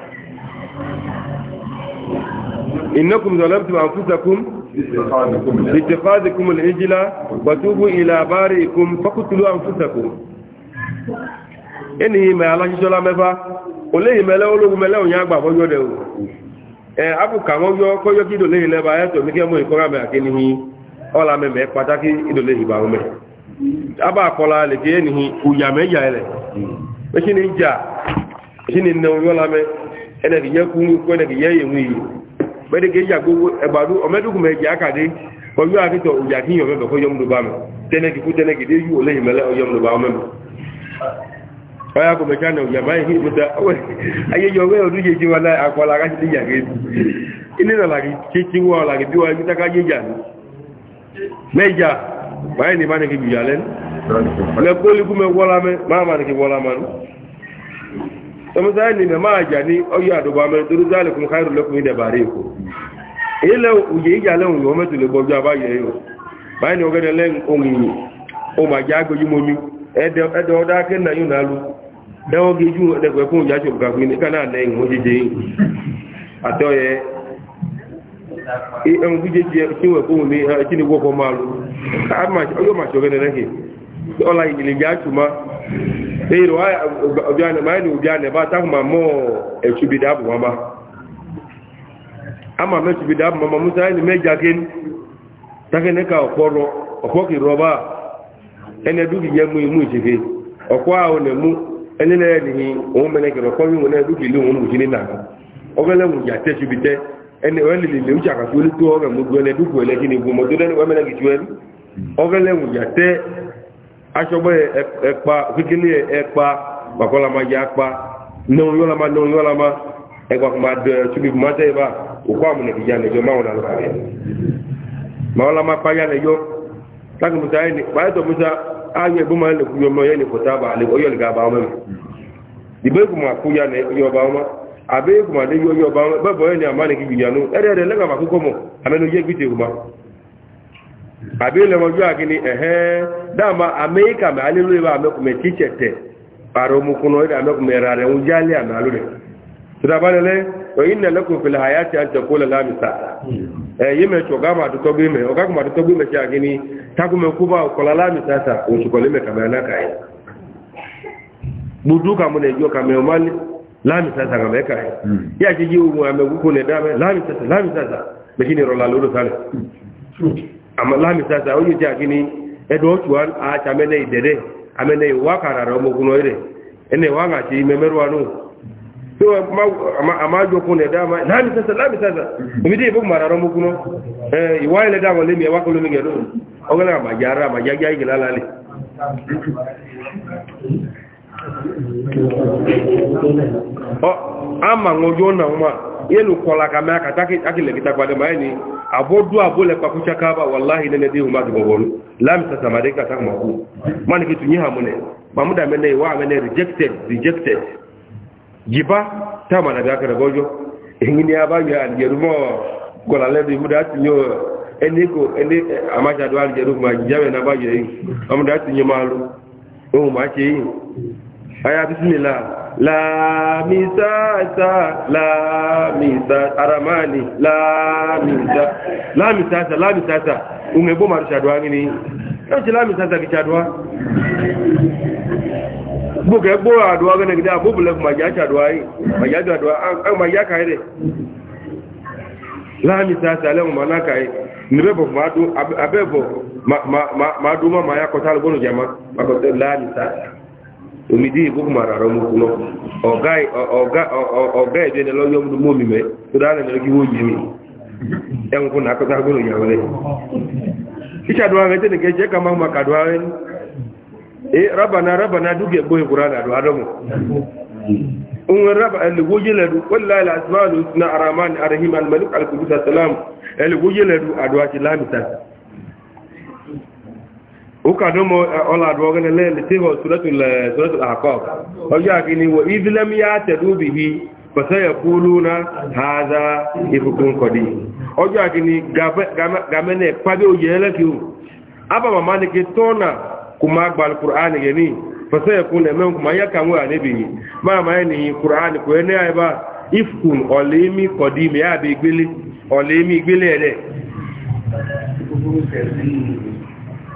إنكم ظلمتم أنفسكم باتخاذكم العجلة وتوبوا إلى بارئكم فقتلوا أنفسكم إنه ما الله شجلا مفا olèyìn mẹlẹ ológun mẹlẹ òyìn àgbà fọjọ dẹ o ẹ abùkà wọn yọ kọjọ kí ìdòlẹyìn lẹba ayẹtọ mi kẹ mọ o mẹ àkénihi ọlà mẹmẹ pàtàkì ìdòlẹyìn ìbàrún mẹ abà kọlà lèkè ẹnìhìn òyà mẹjà ẹlẹ mẹsìn ní ìjà mẹsìn ní nẹwọn yọlá mẹ ẹnẹkì yẹ kú ẹnẹkì yẹ yẹwù yìí gbẹ́dẹ̀gẹ́ ìyàgbó ẹgbàdú ọmọdúnkùnmẹ́ ìjì àkàdé ọjọ́ àkítọ̀ òjà kí yàn mẹ́bẹ̀ fọ́jọ́ múlùbá mi tẹ́nẹ́kì kú tẹ́nẹ́kì dé yíò lẹ́yìn mẹ́lẹ́ ọjọ́ múlùbá mẹ́bẹ̀ ọyá kò mẹ́ta náà òjàmá ìhìn ìmúta ayéyọ wẹ́ ọdún yéjì wọn láì akọlá káṣí lè yàgé ilé náà làgì títí wọ́n làgì bí wọ́n yíta káyé jà ní mẹ́jà báyìí mẹ́ tọmọsáyà ni mẹ́má a ní ọyọ́ àdọ́gbà mẹ́rin torí záàlì kún káìrù lọ́kùn ní dẹ̀bàrí èkó ilẹ̀ òye ìjà lẹ́hùn yóò mẹ́tò lè gbọ́jọ́ àbáyẹ yóò báyìí ni ọgẹ́dẹ̀ lẹ́hùn ohun ìyìn ohun àjà agbójú mọ́mí ẹ̀dẹ̀ ọdá akẹ́nà o náà lu dẹ́wọ́n gẹ́jú ẹ̀dẹ̀gbẹ̀kún ìyá ṣòkùnkà fún ní kánà lẹ́yìn wọ́n jẹjẹ àtọ́yẹ ẹ̀hùn jíjẹ tí wọ́n kóhùn ní ẹ̀kí ni e, lu ọla ìgbìlẹ̀gbẹ̀ àtùmá èèrò máyìnì òbí ànẹ̀bá táhùmà mọ́ ẹ̀tùbìdà àbùmọ́má a máa mẹ́tùbìdà àbùmọ́má musa ẹni mẹ́jà kí tákẹ́nẹ́ka ọ̀pọ̀rọ̀ ọ̀pọ̀ kì rọ́bà ẹni dúkì jẹ́ mú imú ìṣèké ọ̀pọ̀ àwọn ẹ̀mú ẹni lẹ́yìn òun mẹ́lẹ́kẹ̀rẹ̀ ọ̀pọ̀ yìí wọn dúkì lé òun mùsùlùmí náà ọgbẹ́lẹ́wùn yà tẹ́tùbìtẹ́ ẹni ọ̀ẹ́lẹ̀lẹ̀ ìṣàkàtúwẹ́lẹ́ tó ọ̀rẹ̀ mú gbẹ́lẹ́ dúkù ẹ̀lẹ́kìnì gbọmọdé lẹ́nu ọ̀mẹ́lẹ́kìtúwẹ́lẹ́ ọgbẹ́lẹ́wùn yà tẹ́ asọgbọ ẹkpa kékeré ẹkpa ma dza akpa nẹwọn yọlama nẹwọn yọlama ẹgba kuma dẹ tubi kuma tẹ yẹ ba òkú amúnẹ kìjà nẹjọ máwọn nàlọ kàwé màwọlama akpa ya nẹjọ taki musa yẹ ni báyìí tó musa ayọ ẹgbẹ máa lẹkú yọmọ yẹ ni kòtà bá alẹ ọyọ nìkan bá wọn mẹ ìbẹ ìkùmà kú ya nẹ yọ àbí lẹ́mọ̀jú àgíní ẹ̀hẹ́n dáàmà amẹ́ríkà mẹ́ alélú ìwà amẹ́kùnmẹ́ tíṣẹ̀ tẹ̀ pàrọ̀ omukùnà ìdá amẹ́kùnmẹ́ ra rẹ̀ ń jálẹ̀ àmì alúrẹ̀ tìdábánilẹ́ ọ̀yìn nẹ̀lẹ́kùn fìlẹ̀ àyàtì àjẹkólẹ̀ lámìsà ẹ̀yìn mẹ́tù ọ̀gáàmà àdútọ́gbìmẹ̀ sí àgíní tákùnmẹ́ kúbà ọ̀kọ̀lá lámìsà sà òṣùkọ̀lẹ́ mẹ́kàmẹ́ anákàáyé gbùdú kàmúnẹ̀ ìjọ kàmẹ́ ọmọ lámìsà sàkàmẹ́kà yíyà ṣe yí ogun àmẹ́kùnkùn nẹ̀dá mẹ́ lámìsà sà lámìsà sà mẹ́kí ni rọ̀lá lóró sálẹ̀ ama lami sasa oyo ti akini edo otuan acha mene idede amene iwakara ro mokuno ire ene wanga ti memeru anu so ama ama joko ne dama lami sasa lami sasa umidi bu mara ro mokuno eh iwa ile dama lemi wakolo mi gero ogala majara majaja igilalale ọ ama ngojo na nwa yelu kola kama kataki akile kitakwale maeni abodu abule kwa kuchakaba wallahi nene dihu magi bobonu lam sasa madeka tak maku mani kitu nyiha mune mamuda mene wa mene rejected rejected jiba tama na biaka rebojo ingini abanyu aljerumo kola lebi muda atinyo eniko eni amaja do aljerumo jawe na baje yi mamuda atinyo malu o ma che yi aya bismillah láàmìsáàsá láàmìsáàsá aramani láàmìsáàsá láàmìsáàsá unge bó maru ṣàdúwá gini yóò ṣe láàmìsáàsá kì ṣàdúwá gbogbo ẹgbó àdúwá gẹ́nà gidi àbúbùlẹ̀ fún màjá ṣàdúwá yìí màjá ṣàdúwá màjá kàí rẹ̀ láàmìsáàsá lẹ́wọ̀n màá náà kàí nìbẹ̀bọ̀ abẹ́bọ̀ màá dúmọ́ màá yá kọtá lọ́gbọ́nù jẹ́ mọ́ omidi ìgbókù mara rọ mú kúnọ ọ̀gá ìdí ẹni lọ́yọ́ mú mọ́mí mẹ́ tó dáálẹ̀ ní ọjọ́ yìí mi ẹ̀hùn kún náà kọ́tà gbọ́nà ìyàwó rẹ̀ ìṣàdùn àwọn ẹ̀tẹ́ nìkẹ́ jẹ́ ká máa ma kàdùn àwọn ẹni ee rabana rabana dúkẹ́ gbóyè kúrò àdàdù adọ́mù ohun raba ẹlẹ́gbóyè lẹ́dù wọ́lá ilẹ̀ asmáàlù ní aramani arahim alimalik alikubusa salam ẹlẹ́gbóyè lẹ́dù àdùwàtí lámìtà ukadomo eh, oladu ogene lele tiho suratul eh, suratul ọjọọ oja kini wa idlam ya tadubihi fasayaquluna hadha ifkun qadi oja kini gamene pabe oyele ki aba mama ni ke tona kuma na kuma yakamu anabi mama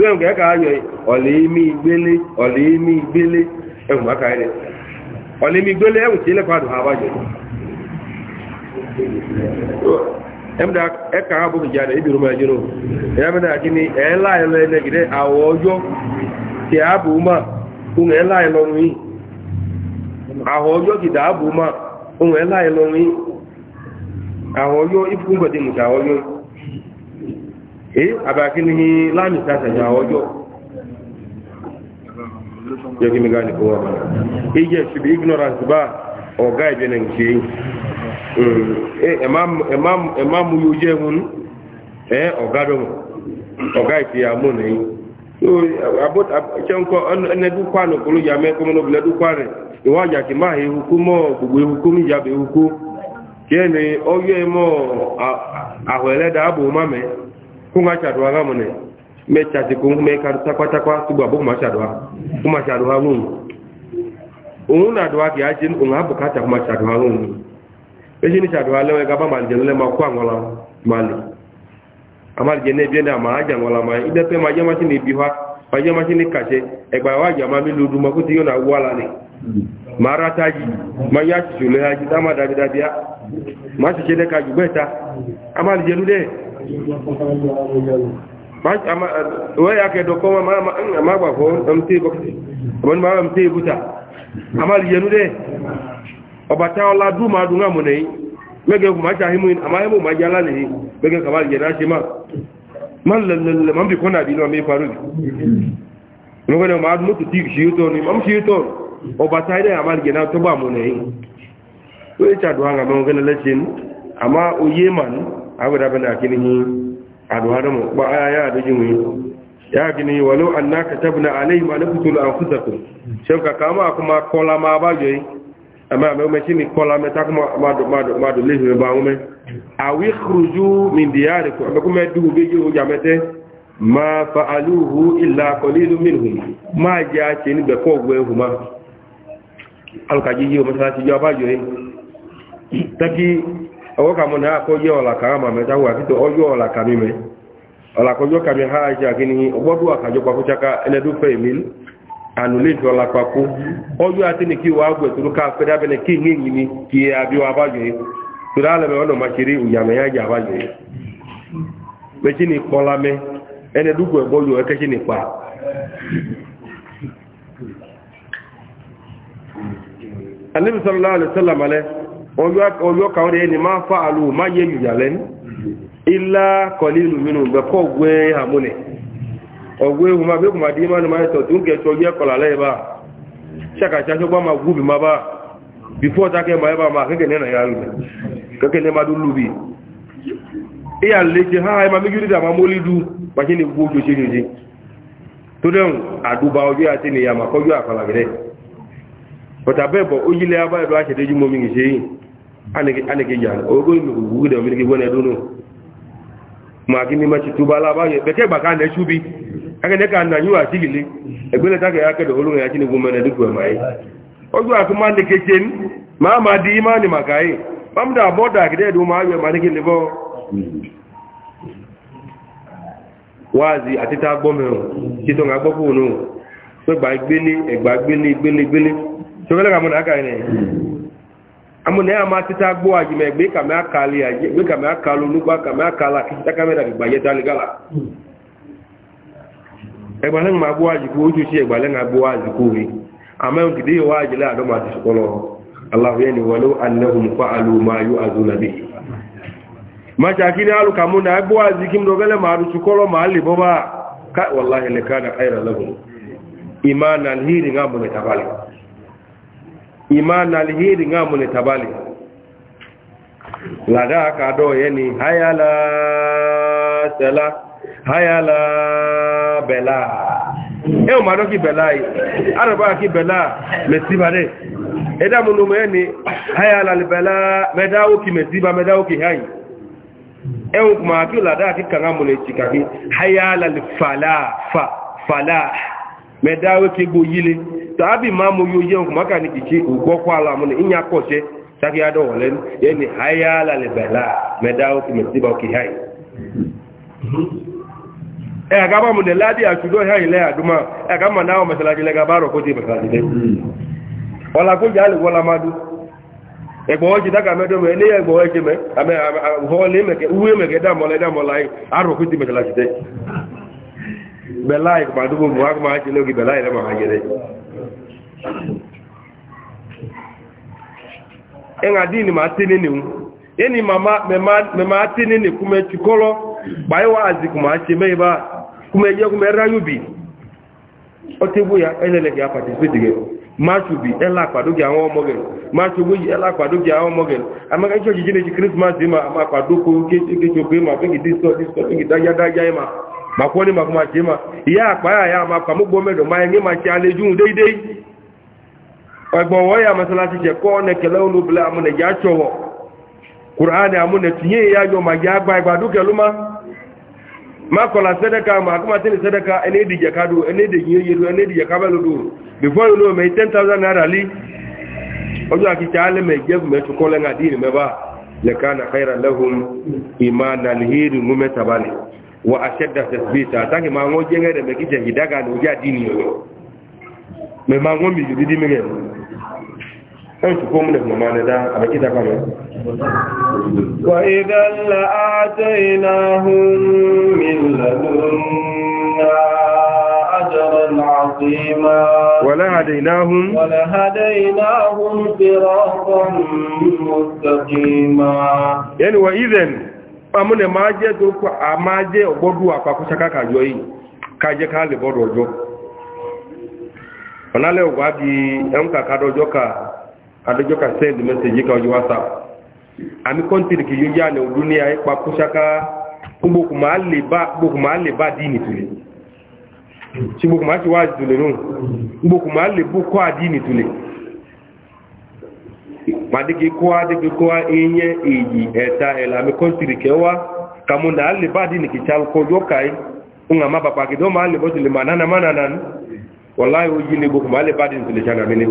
bẹ́ẹ̀ nǹkan ẹ̀ka ayọ̀ ọ̀lẹ́mí gbélé ọ̀lẹ́mí gbélé tí lẹ́kọ̀ọ́ àdùn àbájẹ́ ẹ̀mdà ẹ̀ka abúkù jáde ibi rúmọ̀ ẹ̀jẹ̀ rúmọ̀ ni àti ẹ̀lọ àwọ̀ ọjọ́ tí a bù mà ohun ẹ̀lá ẹ̀lọ àwọ̀ ọjọ́ dà á bù ohun ẹ̀lá ẹ̀lọ àwọ̀ ọjọ́ eh abaki ni lami sasa ya ojo yogi migani kwa ba ije should be ignorance ba o gai je nan ki eh imam imam imam yuje mun eh o gado o gai ti amu nei so about chenko an du kwano kulu ya me ko no du kware iwa ya ki ma he hukumo gugu hukumi ya be huku kene oyo mo ahwele da abu mame kunga chadwa ga mune me chati kun me kar takwa takwa tuba bu ma chadwa kuma chadwa mun una dwa ki ajin unga bukata kuma chadwa mun eji ni chadwa lewe ga ba mal jenle ma kwa ngola mali amal jene bi na ma aja ngola ma ide pe ma jama ni biwa ma jama ni kache e gba wa jama mi ludu ma kuti yona wala ni marataji ma ya chule haji dama dabida bia ma chede ka jubeta amal jenu de wọ́n yà kẹ́dọ̀ kọ́ ma gbà fọ́ ọmọdé máa mtí ìbúta a máa lìyẹnú dẹ́ ọbàtá ọlá dú máa dùn àmù nẹ́yí mẹ́gẹ́ kù máa ṣàhímú àmáyẹ́mù máa jẹ́ alálẹ́yí mẹ́gẹ́ kàmá lìyẹnú á ṣe máa máa lẹ́lẹ́lẹ́ máa ń bì kọ́nà àbínú àmì ìfarú ìmọ̀gbẹ́ni máa mú tùtù ṣíyútọ́ ni máa mú ṣíyútọ́ ọbàtá ilẹ̀ àmà lìyẹnú tó bá àmù nẹ́yí ó yẹ abuda bana kinihi aduhadamu ba aya ya aduji mu ya gini walau annaka tabna alaihim an qutulu anfusakum shauka kama kuma kola ma ba yoyi amma me me chini kola me ta kuma ma do ma do ma do lehi ba mu me awi khruju min diyarikum amma kuma du be yo jamete ma fa'aluhu illa qalilun minhum ma ja chini be ko gwe huma alkaji yo masala ti jo ba yoyi taki ọwọ́ kà mọ́ náà kọ́ yẹ ọ̀là kàá mà mẹ́ta wà kí tó ọyọ́ ọ̀là kà mí mẹ́ ọ̀là kọjọ́ kà mí ha ṣe àkíní ọgbọ́dún àkàjọ pàkó ṣaka ẹlẹ́dún fẹ́ mi ànulé ìjọ ọ̀là pàkó ọyọ́ àti ní kí wà á gbẹ̀tùrú ká fẹ́ dábẹ́ni kí ní ìyìn ni kí ọjọ́ kàwọn ẹni máa fà àlò má yẹ yùyà lẹ́nu ilá kọlílù mínú gbẹ̀kọ́ ọgbẹ́ àmúnẹ̀ ọgbẹ́ ohun abẹ́kùnmà dí mánu máa tọ̀ tó ń kẹ́ tọ́ yẹ́ kọlà lẹ́yìn bá ṣàkàṣà ṣọ́gbà máa gúbì máa bá bífọ́ tákẹ́ máa bá máa kẹ́kẹ́ nẹ́nà yà lù kẹ́kẹ́ ní máa dúlù bí ìyà lè ṣe ha ẹmà méjì dídà máa mólí dú pàṣẹ ní anike yan ogo ilugu gugu da ominike gwene dunu maki ni machi tuba la ba beke gba ka ne chubi ake ne ka na yu ati gile egbele ta ke akedo olun ya chini gugu mene duku mai ogo aku ma ne kechen ma ma di imani makai pamda boda gide du ma ye manike libo wazi ati ta gbo me ti to nga gbo funu so gba gbele egba gbele gbele gbele so gele ka mo na ka ni amune ama tita gbo ajime gbe kame akali aje gbe kame akalo nugba kame akala kita kame da gba yeta le gala egbalen ma gbo aji ko ojo si egbalen agbo aji ko wi ama on gide wa aji la do ma ti sokolo allah yani walau annahum fa'alu ma yu'azuna bi ma shakini alu kamuna agbo aji kim do gele ma du sokolo ma le boba ka wallahi le kana khairan lahum imanan hirin abu ne tabale ima na alheri nga mune tabali lada ka do yani hayala sala hayala bela e o mado ki bela yi ara ki bela me siba eda munu me ni hayala bela me dawo ki me siba me dawo ki hayi e o kuma ki lada ki kan mune chikaki hayala fala fa fala me dawo ki go yile tàbí máa mo yóò yẹun kùmákà ní kìkì ògbọ́kọ́ ala mọ́ni ìyá kọ̀ṣẹ́ sákì adọ̀wọ̀ lẹ́nu yẹni háyà lálẹ́ bẹ̀lá mẹ́dá òkè mẹ́síbà òkè háì ẹ àgábà mọ̀nẹ̀ ládé àṣùdọ̀ háì lẹ́ àdúmà ẹ̀ká mà náà mẹ́sàlájì lẹ́gà bá rọ̀ kó ti lẹ́ dú dáka mẹ́ mẹ́ enga dini ma tini ni yeni mama mema mema tini ni kume chikolo bai wazi kuma chime ba kume je kume rayubi ya elele ya participate ge machu bi ela kwado ge awon omo ge machu bi ela kwado ge ni christmas ma ama kwado ko ke ke jo pe ma pe ki disto ma ma ko kuma ẹgbọn wọ́n yà masalasi jẹ kọ́ ọ̀nà kẹlẹ́ olóbìnrin amúnẹ̀ yà tsọ̀wọ̀ kùránì amúnẹ̀ tìyẹ́ yà yọ ma yà gba ìgbàdú kẹlú ma má kọ̀la sẹ́dẹ̀ka ma kọ́ma tẹ́lẹ̀ sẹ́dẹ̀ka ẹni èdè jẹ̀ka do ẹni èdè yìí yẹ do ẹni èdè jẹ̀ka bẹ́ẹ̀ lodo before you know me ten thousand naira li ọjọ́ akitsa alẹ́ mẹ jẹ́ fún mi tó kọ́lẹ́ ńà dín mẹ́ba lẹ́ka nà mɛ maa ŋo mi didi mi kɛ ɛn tu ko mu ne kuma maa ne da a bɛ kita kama. وإذا لآتيناهم من لدنا أجرا عظيما ولهديناهم ولهديناهم صراطا مستقيما يعني وإذا amune maje to ko amaje obodu apa ko saka kajo yi kaje ka le bodo ojo onale ogwa bi emka ka dojoka adojoka send message ka ojo whatsapp ami kontiri ki yuja ne dunia e pa kushaka kubo kumali ba kubo kumali ba dini tuli chibo kumachi wazi tuli nu kubo kumali bu kwa dini tuli madigi kwa digi kwa enye eji eta ela ami kontiri kewa kamunda ali ba dini kichal ko jokai eh? unga mababa kidomo ali botuli manana manana wallahi oji ni gbogbo ma le ba di ntule sana mi ni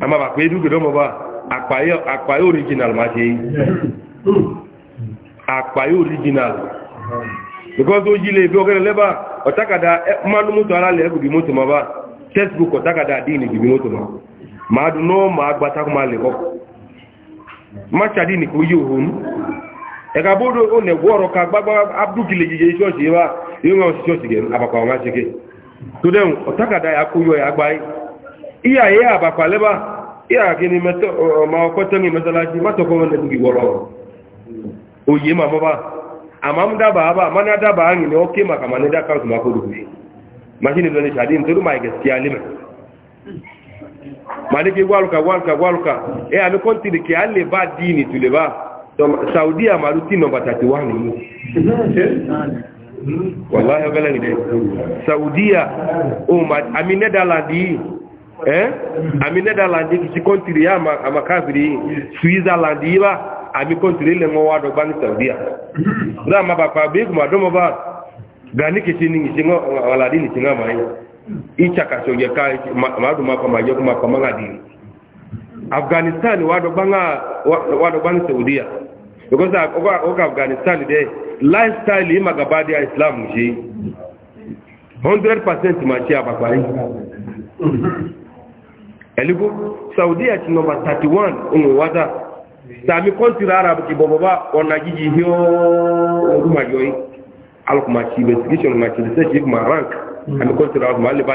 ama ba pe duke domo ba akpaye akpaye original ma se yi akpaye original because oji le fi ogere leba otakada mmanu moto ala le egbugi moto ma ba textbook otakada adi ni gibi moto ma ma adu no ma agbata kuma le koko ma chadi ni ko yi ohun ẹ̀ka bódó ó nẹ̀gbọ́ ọ̀rọ̀ ka gbágbá abdul kìlẹ̀ jíjẹ ṣọ́ọ̀ṣì yẹn wá yóò tó dẹ̀ ọ̀tàkàdá akóyọ àgbáyé ìyà yẹ àbàpà lẹ́bà ìyà kí ni ọmọ ọkọ̀ tẹ́rin mẹ́sàlájí mátọ̀kọ́ wọn lẹ́bù ìwọ̀rọ̀ òye màmọ́ bá àmà ń dábàá bá àmà ní dábàá yìí ni ó ké màkàmà ní dákà tó máa kó dùkú yìí màṣínì lọ ní ṣàdé nítorí máa gẹ̀ sí alẹ́ mẹ́ màdéke wálùkà wálùkà wálùkà ẹ àmì kọ́ńtìrì kì á lè bá díì nìtùlẹ̀ bá saudi amadu tí nọmbà 31 nìyí wàláhì ọgọ́lẹ̀ ìdẹ́ saudiya oh àmì nẹ́dàlàndì eh àmì nẹ́dàlàndì kìí sí kọ́ntìrì yá àmàkàfìrí switzerlandi bá àmì kọ́ntìrì ilẹ̀ wọn wá dọ̀gbá ní saudiya rá ma bàpá bí kùmà dọ́mọ bá gani kìí sí ní ìṣẹ́wàlàdì ní ìṣẹ́wà máa yẹ ìṣàkàṣọ yẹ ká màádùn máa kọ́ máa yẹ kó máa kọ́ máa dì afghanistan wá dọ̀gbá ní saudiya because oga afghanistan dẹ lifestyle yìí magaba di islam ṣe hundred percent ma ṣe àpapà yìí ẹ̀lúgbó saudi àti nọmba thirty one ohun wáta sàmì arab ti bọ̀ bọ̀bá ọ̀nà jíjì híọ́ ọdúnmáyọ yìí alùpùpù ma ṣe investigation ma rank àmì kọ́ńtìrì arab ma lè bá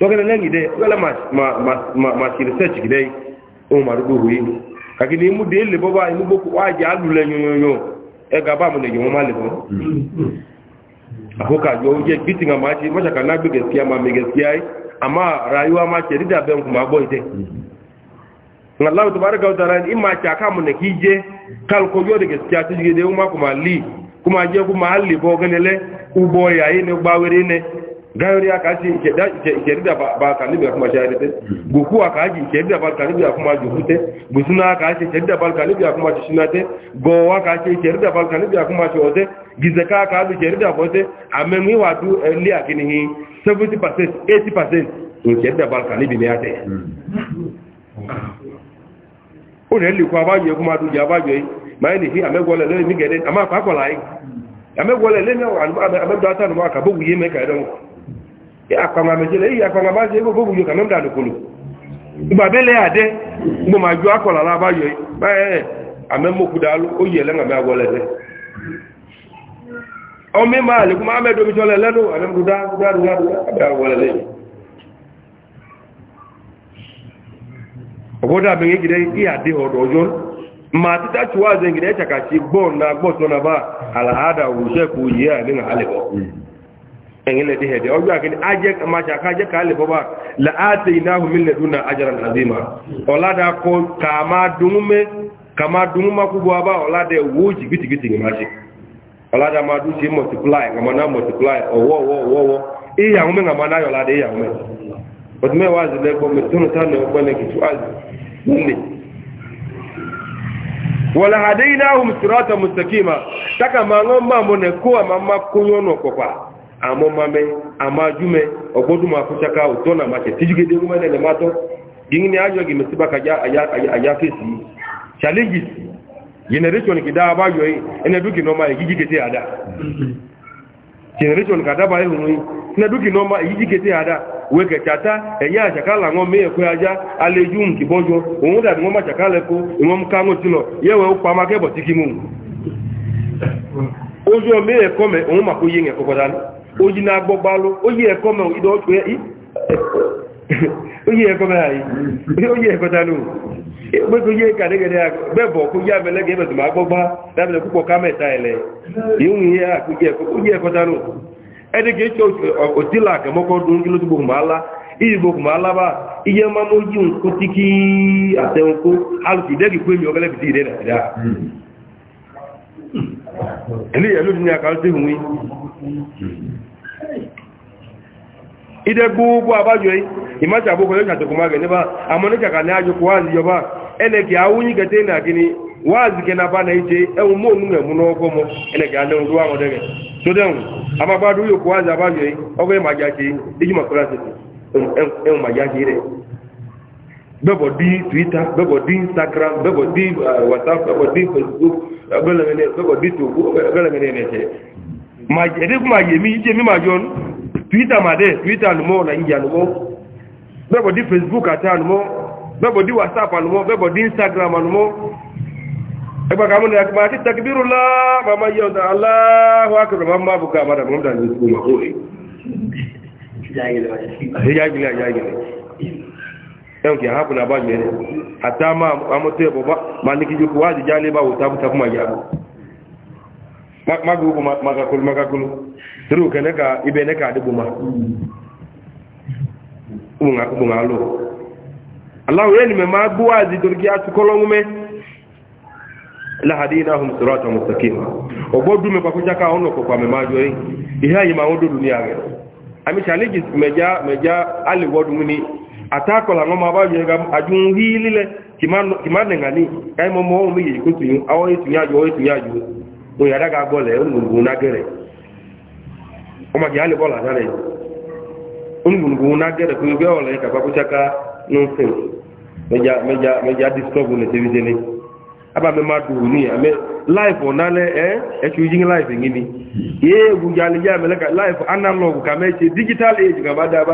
tokene lengi de wala ma ma ma ma ci research gi day o ma do ruyi kaki ni mu de le boba ni boku waji alu le nyo nyo e ga ba mu le nyo ma le bo akoka yo je biti nga maji macha kana bi gaskiya ma me gaskiya amma rayuwa ma ce rida ben kuma boy de Allah tabaraka wa ta'ala in ma ta ka mu ne kije kal ko yo de gaskiya ti de ma kuma li kuma je kuma halli bo ganele ubo yayi ne gbawere ne gayori aka ce ikeri da ba kalibi a kuma shayarite goku aka haji ikeri da ba kalibi a kuma juhute busuna aka ce ikeri da ba kalibi a kuma shinate gowa aka ce ikeri da ba kalibi a kuma shote gizaka aka haji ikeri da bote amemi wadu early akinihi 70% 80% ikeri da ba kalibi ne ate o ne liku abajo kuma du ja yi ma ni hi amegwole le mi gede ama pakola yi amegwole le ne amegwata no aka bugu yi me ka edonko akpama mejele eyi akpama ba se ebo bo buyo kanam eh, eh, da nukulu ìgbà bẹ́lẹ̀ àdẹ́ mo máa ju akọ̀lá lábá yọ báyẹ̀ àmẹ́mọ́kúdá ó yẹ lẹ́nà mẹ́ àwọlẹ̀ rẹ̀ ọmọ máa lè kú máa mẹ́ domi tọ́lẹ̀ lẹ́nu àmẹ́mọ́kúdá àwọlẹ̀ rẹ̀ ọgbọ́dá mi gẹ́gẹ́ kí àdé ọ̀dọ̀ ọjọ́ ma títà tí wá zẹ́gẹ́dẹ́ ṣàkàṣì gbọ́n na gbọ́tọ́ na bá àlàádà òṣèkú yìí àìní engele di hede ojo akini aje macha kaje kale baba la atainahu min laduna ajran azima olada ko kama dumume kama dumuma kubwa ba olada wuji giti giti ni olada ma du kama na multiply owo owo owo iya ngume ngama na olada iya ngume but wazi le ko me tunu tane obone kitu azi nini wala taka mangoma mone kuwa mama kunyono kwa amomame amajume ogboduma kuchaka utona mache tijugede ngumene le mato gingini ajo gimesiba kaja aya aya, aya kesi challenges generation kida abayo ene duki noma igigete ada generation kada ba ehun ene duki noma igigete ada weke chata eya chakala ngo me ko aja aleju nkibojo ohun da ngo ma chakala ko ngo mkango tilo yewe upa makebo tikimu ojo me ko me ohun makoye nge kokodani oyi na agbọgbalụ oyi ekome ido e, oyi mẹ ayi oyi ekotanu gbogbo e, oyi ka degede bẹbọ kó yá abẹlẹ gẹ bẹtùmọ agbọgba lábẹlẹ púpọ kámẹta ẹlẹ ìhun yẹ oyi ekotanu ẹni kì í òtílà kẹmọkọ dún kí ló ti gbogbo ala gbogbo ala iye máa mú yí nǹkan tí kí àtẹwọn kó alùpùpù dẹ́gì pé mi eléyìí ló ní àkàlùtì ìwé ìdẹ gbogbo àbájọ yìí ìmáṣà àbúkọ yóò ṣàtẹkùn máa gẹ̀ nípa àmọ́ ní kàkà ní àjọkù yọba ẹnẹkì àwúyí kẹtẹ́ ìnà kíní wáàzì kẹ nàbá náà ìṣe ẹ̀hùn mọ́ òun ẹ̀mú náà bẹ́bọ̀ dí twitter bẹ́bọ̀ dí instagram bẹ́bọ̀ dí uh, whatsapp bẹ́bọ̀ dí facebook bẹ́bọ̀ dí togo bẹ́lẹ̀mẹ́lẹ́ ẹ̀ṣẹ̀ ẹ̀dẹ́kù máa yè mí jẹ́ mí máa yọ twitter máa dẹ̀ twitter ànumọ́ ọ̀nà ìyà ànumọ́ bẹ́bọ̀ dí facebook àti ànumọ́ bẹ́bọ̀ dí whatsapp ànumọ́ bẹ́bọ̀ dí instagram ànumọ́ ẹgbàgbàmọ́ yanki ya haku na ba mere hatta ma amutu ya baba ma niki juku waji jale ba wuta buta kuma ya magu ku maga kul maga kul duru ka naka ibe naka dubu ma umunga umunga lo Allah me magu waji durki a su kolongu la hadinahum sirata mustaqima obodu me kwa kuchaka ono kwa me majo yi ihaya ma dunia ge ami challenge meja ali wodu muni atakola ngoma abayo ga ajungi lile kimano kimane ngani kai mo mo mi yi kutu awo yi tunya jo yi tunya jo o yara ga gole o ngungu na gere o ma yale bola na le o ngungu na gere ku ge ole ni aba me ma du life ona eh e chu jing life ye gu yale life analog ka me digital age ga ba da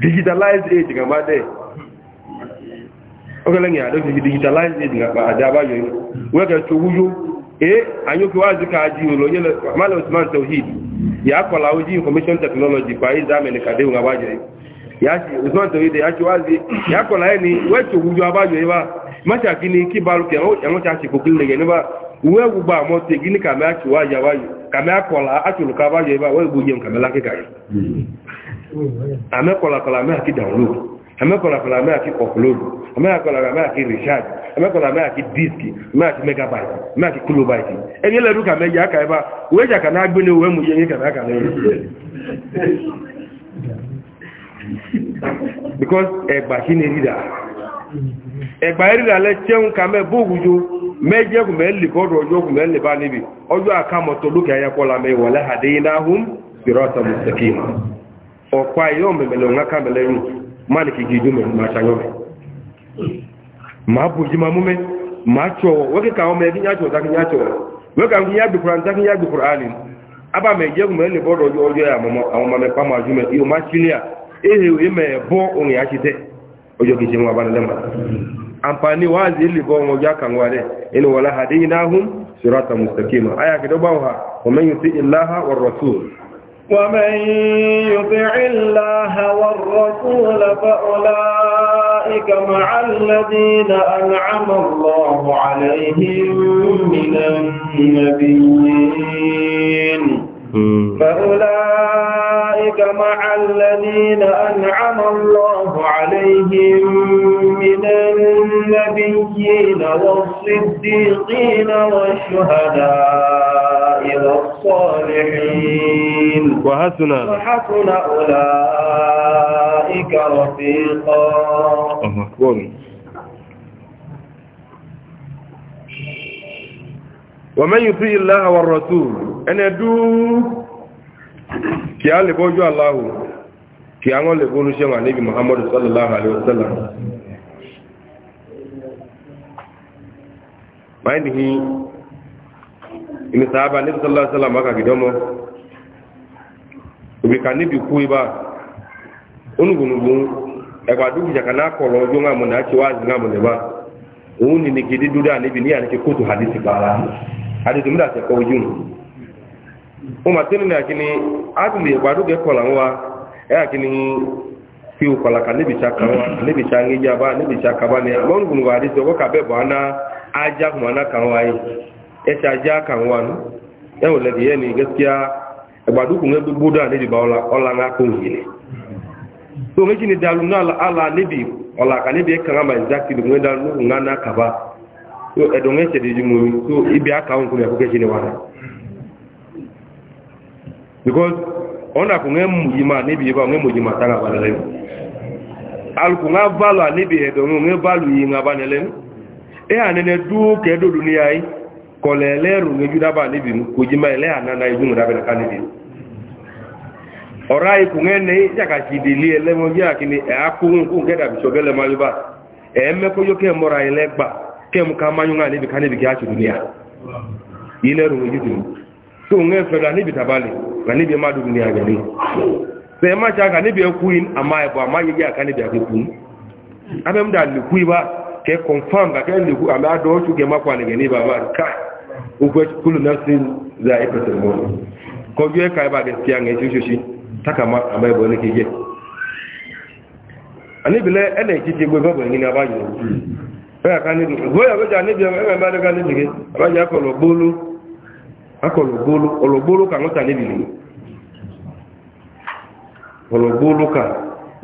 digitalized age ga ma de ogele nya do digitalized age ga ba aja ba yo we ga to wuyo e anyo ki wazi ka ji lo yele mala usman tauhid ya ko la uji information technology pa iza me ka de nga ba je ya ji usman tauhid ya ki wazi ya ko la ni we to wuyo abayo e ba ma ta kini ki balu ke o yanwo ta ti ko kile ge ni ba we wu ba mo te gini ka me a ti wa ya wa yo ka me akola ba yo e ba we gbo je amẹ́kọ̀làkọ̀là mẹ́ àti download amẹ́kọ̀làkọ̀là mẹ́ àti upload amẹ́kọ̀làkọ̀là mẹ́ àti recharge amẹ́kọ̀làkọ̀là mẹ́ àti disk mẹ́ àti megabyte mẹ́ àti kilobyte ẹni lẹ́rú kà mẹ́yà kà ẹbá wọ́n jà kà náà gbé ní owó ẹmú yẹn kà náà kà lẹ́yìn because ẹgbà kí ni rídà ẹgbà rídà lẹ tẹ́hún kà mẹ́ bóògùjó mẹ́jẹ́ kù mẹ́ lè kọ́dọ̀ ọjọ́ kù mẹ́ lè bá níbi ọjọ́ àkàmọ̀tọ̀ lókè ayakọ́lá mẹ́ wọ̀lẹ́ àdéyìnáhùn bìrọ̀tà mùsùlùmí ọkwa ihe omemele onwe aka mele na kigi dume ma chanyome ma bụji ma mume ma chọwọ nwoke ka ọma eginye achọ ọta ya bikwara bikwara ali aba ma eji egwu ma bọrọ ọjọọ ọjọọ ya amụma mekpa ma jume ihe ma chili ya ehe wee ma bọ onwe ya chite ọjọọ kiji nwa abanele ma amfani wazi ili bọ ọmọ ọjọọ kan wale in wala hadinahum sirata mustaqima aya kidogbawo ha wa illaha ومن يطع الله والرسول فأولئك مع الذين أنعم الله عليهم من النبيين فأولئك أولئك مع الذين أنعم الله عليهم من النبيين والصديقين والشهداء والصالحين وحسن وحسن أولئك رفيقا الله ومن يطيع الله والرسول أنا دو kí a lè bọ́jú aláhù kí a wọ́n lè bọ́rú ṣe wà níbi muhammadu sallallahu alaihi wasallam máa ní hí sallallahu alaihi wasallam maka gidanmọ́ òbí ka níbi kú ibá onugunugun ẹgbà dúkìjà kan náà kọ̀rọ̀ ọjọ́ náà mọ̀ náà ti wá àzì náà mọ̀ lẹ́bàá òun ni ní gidi dúdá níbi ní àníkẹ́ kóòtù hadith bàrá hadith ojú nù ụmụ tenu na akini atụli gbadu ge nwa ya akini fi ụkọla ka nebicha ka nwa nebicha ngeji aba nebicha kaba na ma ọnụ gụnụ adịzi ọgwọ ka bebụ ana aja hụ ana ka nwa yi echa aja ka nwa nụ ya nwere gị ya na gaskiya gbadu kwụ a nebi ba ọla na aka ohiri so na nebi ọla ka nebi ka ma exactly nwe na kaba so chere so ibi aka ya because ona kunge mujima ni bi ba nge mujima tanga ba le al kunga valwa ni bi edo nge valu yinga ba le e anene du ke do dunia yi kolele ru nge juda ba ni bi kujima ile anana yi mu da ka orai kunge ne ya ka ele mo ya kini e nge da e me ko mora gba ke mu ni bi ka ni dunia ile ru nge juda tó ń fẹ́ lọ níbi tàbálẹ̀ rà níbi má dùn ní àgbàrí fẹ́ má ṣe àkà níbi ẹkú in àmà ẹ̀bọ̀ àmà yẹyẹ àká níbi àkẹ́kù abẹ́mdà lèkú ibá kẹ́ confam kàkẹ́ lèkú àmì àdọ́ọ̀ṣù kẹ́ má pa nìgẹ̀ ní bàbá ká ogun kúlù náà sí za ẹ̀pẹ̀sẹ̀ mọ́ kọjú ẹ̀ka ibà gẹ̀ẹ́sì àngẹ̀ tí ó ṣoṣi tákà má àmà ẹ̀bọ̀ ní kejì aka ologbolu ologbolu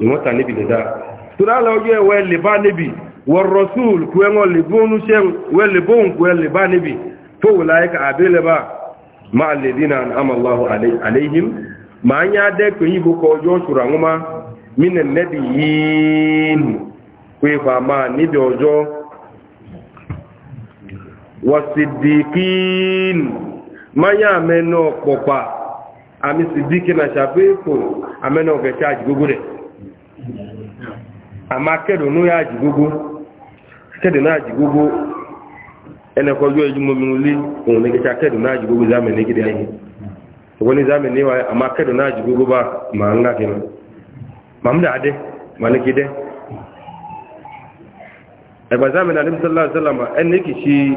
nwata n'ebili daa tụrụ ala onye wee leba n'ebi warrasul kwe ngo libonu shen we libon kwe leba n'ebi fo wulaika alaihim ma anya de kwe sura ma manya ameno kpokpa ami sidiki na shabeku ameno kete ajigogo de ama kedo nu ya ajigogo kedo na ajigogo ene ko jo ejumo minuli on ne kete kedo na ajigogo zame ne gidi ayi woni zame ne wa ama kedo na ajigogo ba ma nga kino mamda ade maliki de ẹgbàzámi náà níbi sọ́lá sọ́lá ma ẹni kìí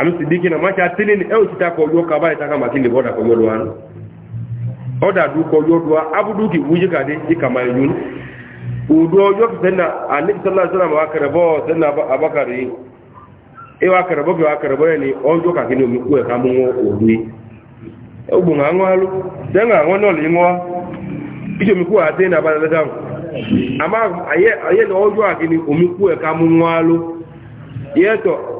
ami sidiki na macha tilini e utita ko yo kaba itaka matili boda ko yodo an oda du ko yodo abudu ki wuji kade ikama yun udo yo tena ani sallallahu alaihi wasallam wakare bo tena abakari e wakare bo wakare bo ni ojo ka kini omiku e kamu odui ogbo nga ngo alu denga ngo no li ngo ijo miku ate na bala dam ama aye aye no ojo akini omiku e kamu ngo alu yeto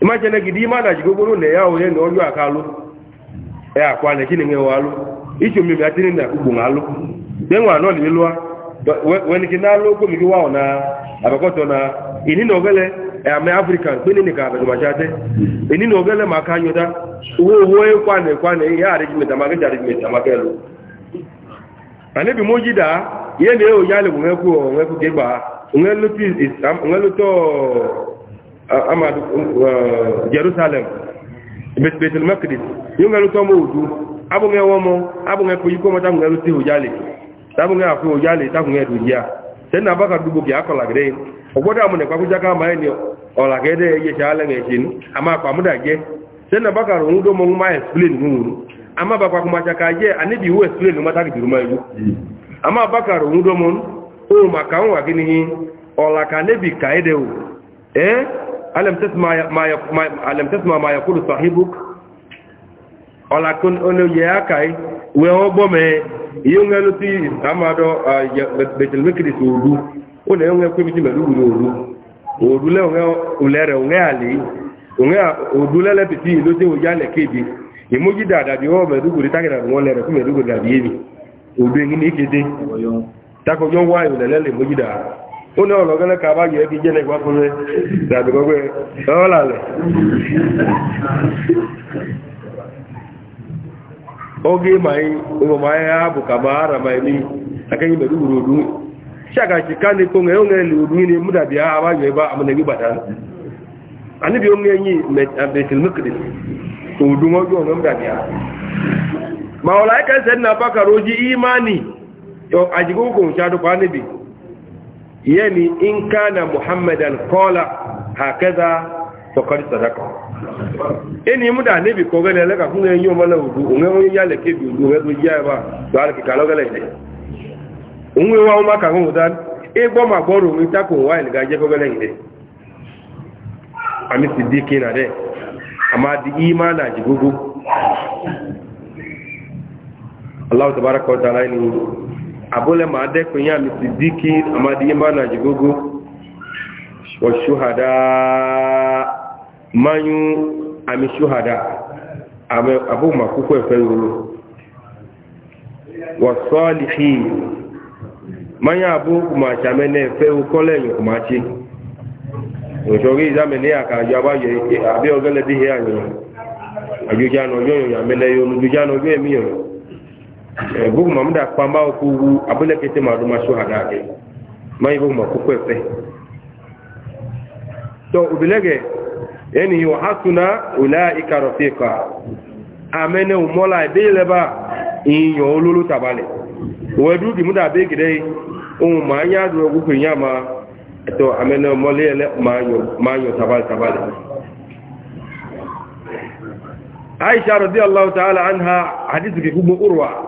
ima chene gidi ima e, na jigogoro na ya onye na ọjọ aka alụ ya akwa na chine nwewa alụ ichi omimi atiri na ugbo na alụ denwa anọ na ilu weni ki na alụ okwomi gị wawo na abakọtọ na ini na ogele e, ame afrịka mkpeni ni ka abadumachate ini na ogele ma aka nyụta uwe uwe kwa na kwa na ya arịjimeta maka ji arịjimeta maka elu ana ebi moji daa ihe na eyo ya alị ama uh, jerusalem betul makdis yóò ŋẹrù tọ́mọ òdu abúŋẹ wọn mọ abúŋẹ kò yí kó mọ táwọn ŋẹrù tí òjálè táwọn ŋẹrù àfihàn òjálè táwọn ŋẹrù yíya sẹ́ni abáka dúgbò kì í akọ̀ làgẹ́dẹ́ yìí ọgbọ́dọ̀ àmúnẹ̀ kpákújá ká máa ní ọ̀làgẹ́dẹ́ yẹ explain explain alam tasma ma alam tasma ma yaqulu sahibuk ola kun ono ya kai we obo me yungelu ti amado betel mekri sudu ona yunge ku mi melu uru uru le onge ulere ali onge odule le piti lo ti o ya le kebi imuji dada bi o me duguri takira won le re ku me duguri wa yo le ó ní ọ̀nà ọ̀gẹ́lẹ́ kàbá yẹ kí jẹ́ lẹ́gbà fún rẹ̀ ìdàdùgbọ́gbẹ́ ọ̀làlẹ̀ oge mai umumai abu kama ara mai ni akan yi mai duk rudu shaka shi ka ne kun yau ne rudu ne muda biya a ba ba amma ne ba ta anibi on yi mai abdul mukdis rudu mo jo ngam da biya maulai kan sayyidina bakaroji imani yo ajigo ko cha do pa bi yani in kana muhammadan kola hakeza sokari sadaka eni muda nebi ko gele le ka fun e yo mala udu unwe o ya le ke bi udu we do ya ba do ala ki kalo gele ni unwe wa o ma ka ngun dan e gbo ma gboro mi ta ko wa ni ga je ko gele ni ami sidiki na de amma di imana ji gugu Allah tabaraka wa ta'ala ni abule ma dekun ya mi sidiki amadi imba na jigogo wa shuhada manyu ami shuhada ame abu makuku efe yoro wa salihi manya abu kuma chame ne efe ukole yin kuma chi òṣòrí ìzámẹ̀lé àkàjọ abáyọ̀ àbí ọgẹ́lẹ́bí hẹ́ àyọ̀yọ̀ àjọjánu ya yọ̀yọ̀ àmẹ́lẹ́yọ̀ olùjọjánu ọjọ́ ẹ̀mí yọ̀yọ̀ bugu ma muda kpamba ko wu abula kete ma duma so hada ke mai bugu ma ku kwefe to ubilege yani wa hasuna ulaika rafiqa amene umola bele ba inyo olulu tabale wedu ki muda be gide o ma nya do ku ku nya ma to amene umole ele ma yo ma yo tabale tabale aisha radiyallahu ta'ala anha hadithu ki kubu urwa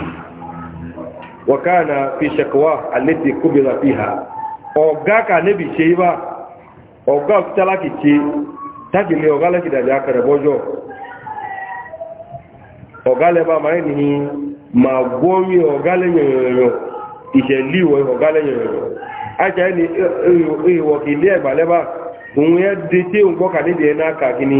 وكان في شكواه التي قبض فيها اوغاكا نبي شيبا اوغاك تلاكي شي تاكي لي اوغالك دا جاكا ربوجو اوغالي با مايني ما غومي اوغالي يو ìṣẹ̀lì ìwọ̀ ìwọ̀gálẹ̀ yẹ̀rọ̀ ajá ẹni ìwọ̀kì ilé ẹ̀gbàlẹ́bà òun yẹ́ dé tí òun gbọ́kà nídìí ẹ̀ náà kàkí ni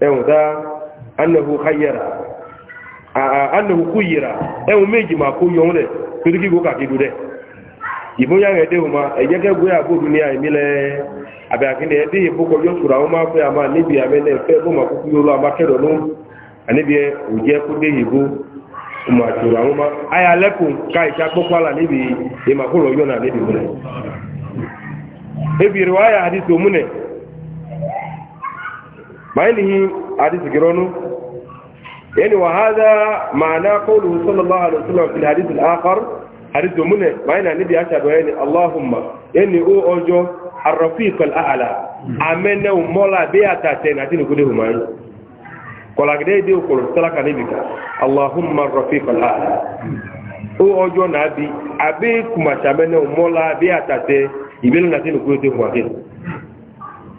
ẹ̀wùdá annahu khayyara annahu kuyira ẹ̀wù méjì ma ku yọ rẹ̀ torí kíkó kàkìdù rẹ̀ ìbọn yára ẹ̀dẹ́ òun ma ẹ̀jẹ́ kẹ́gbẹ́ àbòdù ní àìmílẹ̀ àbẹ̀àkínlẹ̀ ẹ̀dẹ́ ìbúkọ̀ yọ sùrà wọn máa fẹ́ àmà níbi àmẹ́lẹ̀ fẹ́ bó ma kúkú yọ lọ àmà kẹ́rọ̀ ló àníbi òjẹ́ kó dé ìbú ọmọ àtùrà wọn ma a lẹ́kùn ká ìṣá gbọ́kọ́lá níbi ìmàkúrọ̀ yọ náà níbi múlẹ̀ ebi mailihi hadisi gironu yani wa hada ma'ana qawluhu sallallahu alaihi wasallam fil hadith al-akhar hadith mun maina nabi ya shado yani allahumma yani o ojo ar-rafiq al-a'la amene umola bi atate na tinu kude human kola gide de ko talaka nabi ka allahumma ar-rafiq al-a'la o ojo nabi abi kuma chamene umola bi atate ibinu na tinu kude human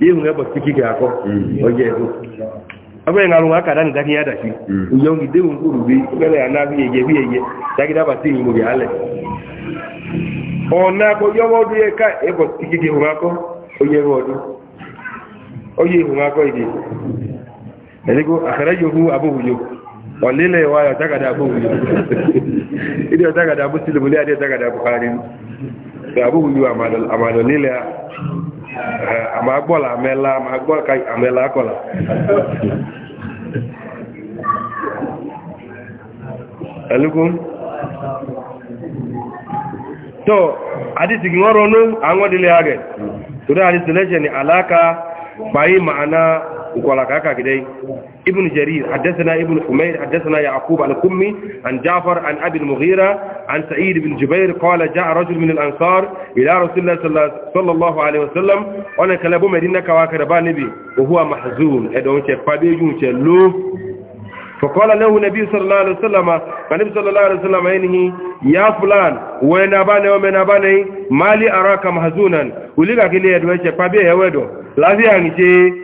ihun ẹbọ̀ tí kíkẹ́ akọ́ mm. ọjọ́ ẹ̀kọ́ ọgbẹ́ ìrìnàrùn wọn kàdánì dákíyà dàṣí ìyọ́n mm. gìdé òun kúrò bí pẹ́lẹ̀ ànábí ẹ̀yẹ bí ẹ̀yẹ dákídábà tí ìmòrì alẹ̀ ọ̀nà akọ yọwọ́ ọdún yẹ ká ẹbọ̀ tí kíkẹ́ ìhun akọ́ oyè ẹrù ọdún oyè ìhun akọ́ ìdè ẹ̀dẹ́gbọ́ àkàrẹ́ yòówù abóhùyò ọ̀lẹ́lẹ̀ wa ọ̀tàkàdà abóhùyò ìdí ọ̀tàkàdà abó sílùmù ní adé ọ̀tàkàdà buhari àbóhùyò àmàlọ̀lẹ́lẹ̀ àmà gbọ́là àmẹ́lá àmà gbọ́là àmẹ́lá kọ́là ẹ̀lúkún tó àdìsì kí wọ́n rọnú àwọn ìdílé ààrẹ torí àdìsì ni alaka pàí na. وقال كاكا كده ابن جرير حدثنا ابن حمير حدثنا يعقوب عن كمي عن جعفر عن أبي المغيرة عن سعيد بن جبير قال جاء رجل من الأنصار إلى رسول الله صلى الله عليه وسلم وانا كلابو مدينة كواكربا نبي وهو محزون ادون شفابيجون لو فقال له النبي صلى الله عليه وسلم فالنبي صلى الله عليه وسلم إنه يا فلان وين اباني ومن اباني مالي اراك محزونا وليغا كلي ادوشه فابيه يا ودو لا في انجي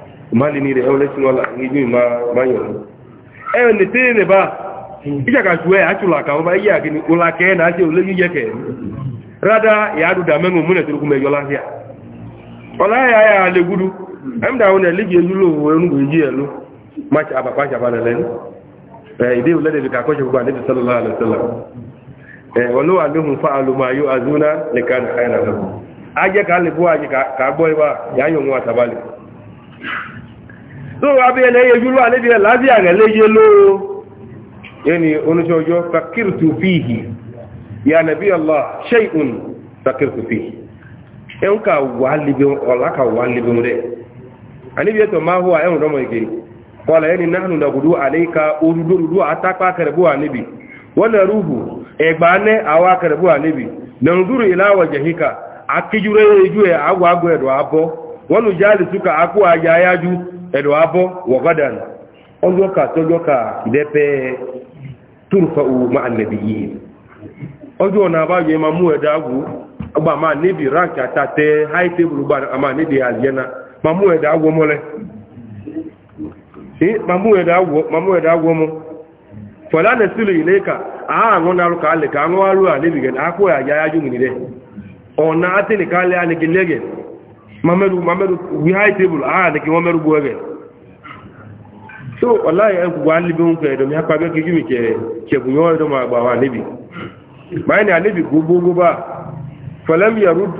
mali ni re ole sinu ala ni mi ma ma yo e ni te ne ba ija ka juwe atula ka ba iya gini ula ke na ti ole yije ke rada ya du da menu mu ne turu kuma yola ya ola ya ya le gudu am da wona ligi e yulo wo nu go ji elu ma cha ba pa cha ba le ni e ide ole de ka ko ju ba ne sallallahu alaihi wasallam e walu annahum fa'alu ma yu'azuna likan khayran lahum aje ka le bu aje ka ka boy e ba ya yo mu atabali lóòrò abẹ́ ilẹ̀ yẹjú ló àníbi ẹ̀ láti àrẹ léyé lóò yẹni oníṣọ́jọ́ takirtu fihi ya nàbí allah ṣe'un takirtu fihi ẹn ka wà líbi ọ̀la ka wà líbi rẹ̀ àníbi ẹ̀tọ̀ máa hùwà ẹ̀hùn rọmọ ike kọlá yẹni náhùn dàgùdú àlẹ́ka orúdúrúdú àtàkpà kẹrẹ̀bù àníbi wọ́n lẹ̀ rúhù ẹ̀gbà ní àwọ̀ kẹrẹ̀bù àníbi nàndúrù ìlàwọ̀ jẹ̀híkà akíjúrẹ́ yẹjú ẹ̀ àwọ̀ àgọ̀ ẹ̀dọ̀ abọ́ wọ́n lù jáàlì túkà akó ẹ̀dọ̀ abọ́ wọ̀gọ́dàn ka tọ́jọ́ka ìdẹ́pẹ́ túrùfà ma máa nẹ̀bì yìí ọjọ́ ọ̀nà àbáyọ ma mú ẹ̀dá agwú ọgbà ma níbi ránkì àtàtẹ́ high table gbà àmà ma mụọ ẹ̀dá agwọ mọ́lẹ̀ ma mú ẹ̀dá agwọ mọ́ fọ̀lá ka mameru mameru we high table ah de ki mameru go ege so wallahi en ku wali be unke do mi apa be ki jumi ke ke bu yo do ma gba wa nabi bayani nabi go go go ba falam yarud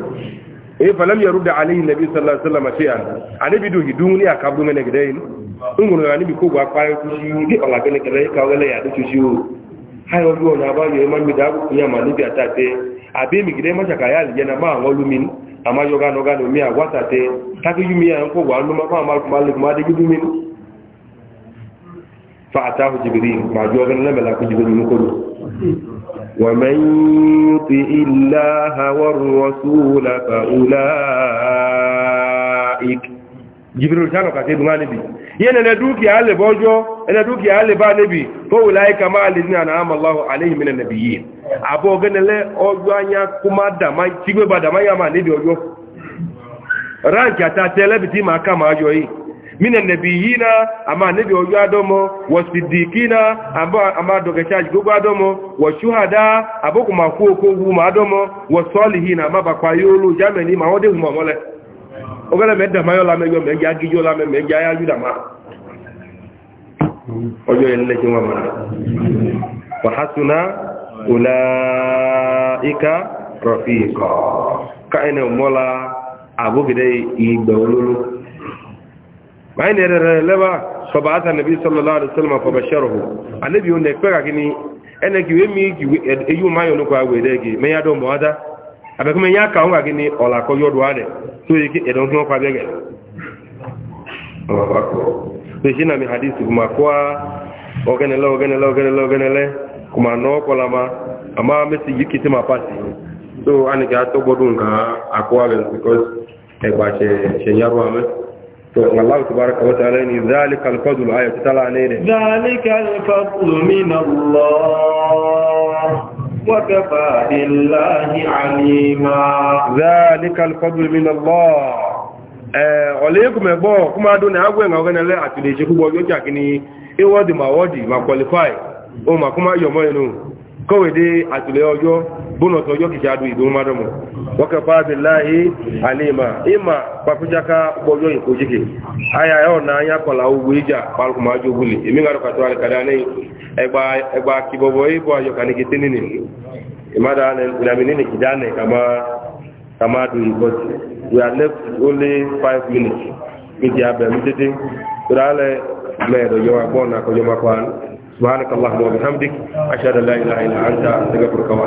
e falam yarud alayhi nabi sallallahu alaihi wasallam shay'an anabi do hidun ni akabu bu ngene gede ni ngun ga nabi ko gwa pa ku shi di ala gele gele ka gele ya do shi o hayo do na ba yo man mi da ku ya ma nabi atate abi mi gede ma shaka ya aljana ma ngolu min amayoga noga no mia watate taki yumia yanko wa no ma ma malik ma de gudu min fa atahu jibril ma joga na mala ku jibril ko wa man yuti illaha war yẹn nana dúkìá lè bọ́jọ́ ẹna dúkìá lè bá níbi tó wù láyé kama alìsín àná àmàláhù aléhìn mi nàbì yìí àbọ̀ gẹ́nẹlẹ́ ọjọ́ anya kó má dàmá tí gbé ba dàmá yà má níbi ọjọ́ ránkì àti àti yi tí màá máa yọ yìí yìí na àmà níbi ọjọ́ adọ́mọ wọ̀sídìkì na àmà dọ̀kẹ̀ṣẹ́ àjùgbogbo adọ́mọ wọ̀ṣúhàdá àbókùnmáfó okòwò màá wọ̀sọ́ọ̀lì yìí na àmà bàkọ̀ ayé jámẹ̀ ní màá wọ́n dé hùmọ̀ mọ́lẹ̀ o me dama yo lame yo me ja gi yo la me ja ya ju dama ojo elle ci wama wa hasuna ulaika rafiqa ka ene mola abu gide igbe na bayan ne rere leba fa ba nabi sallallahu alaihi wasallam fa on ne pega ene ki we mi ki no e, e de me ya do mo ada abẹ́kúnmẹ́ yá kà ń wà kí ni ọ̀là kọjọ́dọ̀ rẹ̀ tó yẹ kí ẹ̀dọ̀ fún ọkọ̀ abẹ́gẹ̀ tó ṣe nàmì hadith kùmà kọ́wá ọ̀gẹ́nẹ̀lẹ́ ọ̀gẹ́nẹ̀lẹ́ ọ̀gẹ́nẹ̀lẹ́ ọ̀gẹ́nẹ̀lẹ́ kùmà náà kọ́la ma àmá mẹ́sì yìí kìtì máa pàṣẹ tó anìkẹ́ atọ́gbọ́dún nǹkan akọ́wà rẹ̀ because ẹgbà ṣẹ̀yàrọ̀ amẹ́ والله تبارك وتعالى ذلك الفضل آية تتلى ذلك الفضل من الله وكفى بالله عليما ذلك الفضل من الله ọ̀lẹ́kùn mẹ́gbọ́ kún máa dún ní agbó ẹ̀nà ọ̀gẹ́nà lẹ́ àti lè ṣe púpọ̀ yóò jà kí ní awọ́dì ma wọ́dì ma qualify o ma kún máa yọ̀mọ́ inú kọ́wẹ̀dé àtìlẹ́ ọjọ́ bono to yoki jadu ido madamu waka fa billahi alima ima pakuja ka boyo ko jike aya yo na anya kola uwija pal kuma joguli imi ngaro ka to al kadane egba egba kibobo ibo ayo kaniki tinini imada ne unaminini kidane kama kama do ibo we are left only 5 minutes miti abe mitete kurale medo yo abona ko yo makwan سبحانك اللهم وبحمدك أشهد أن لا إله إلا أنت أستغفرك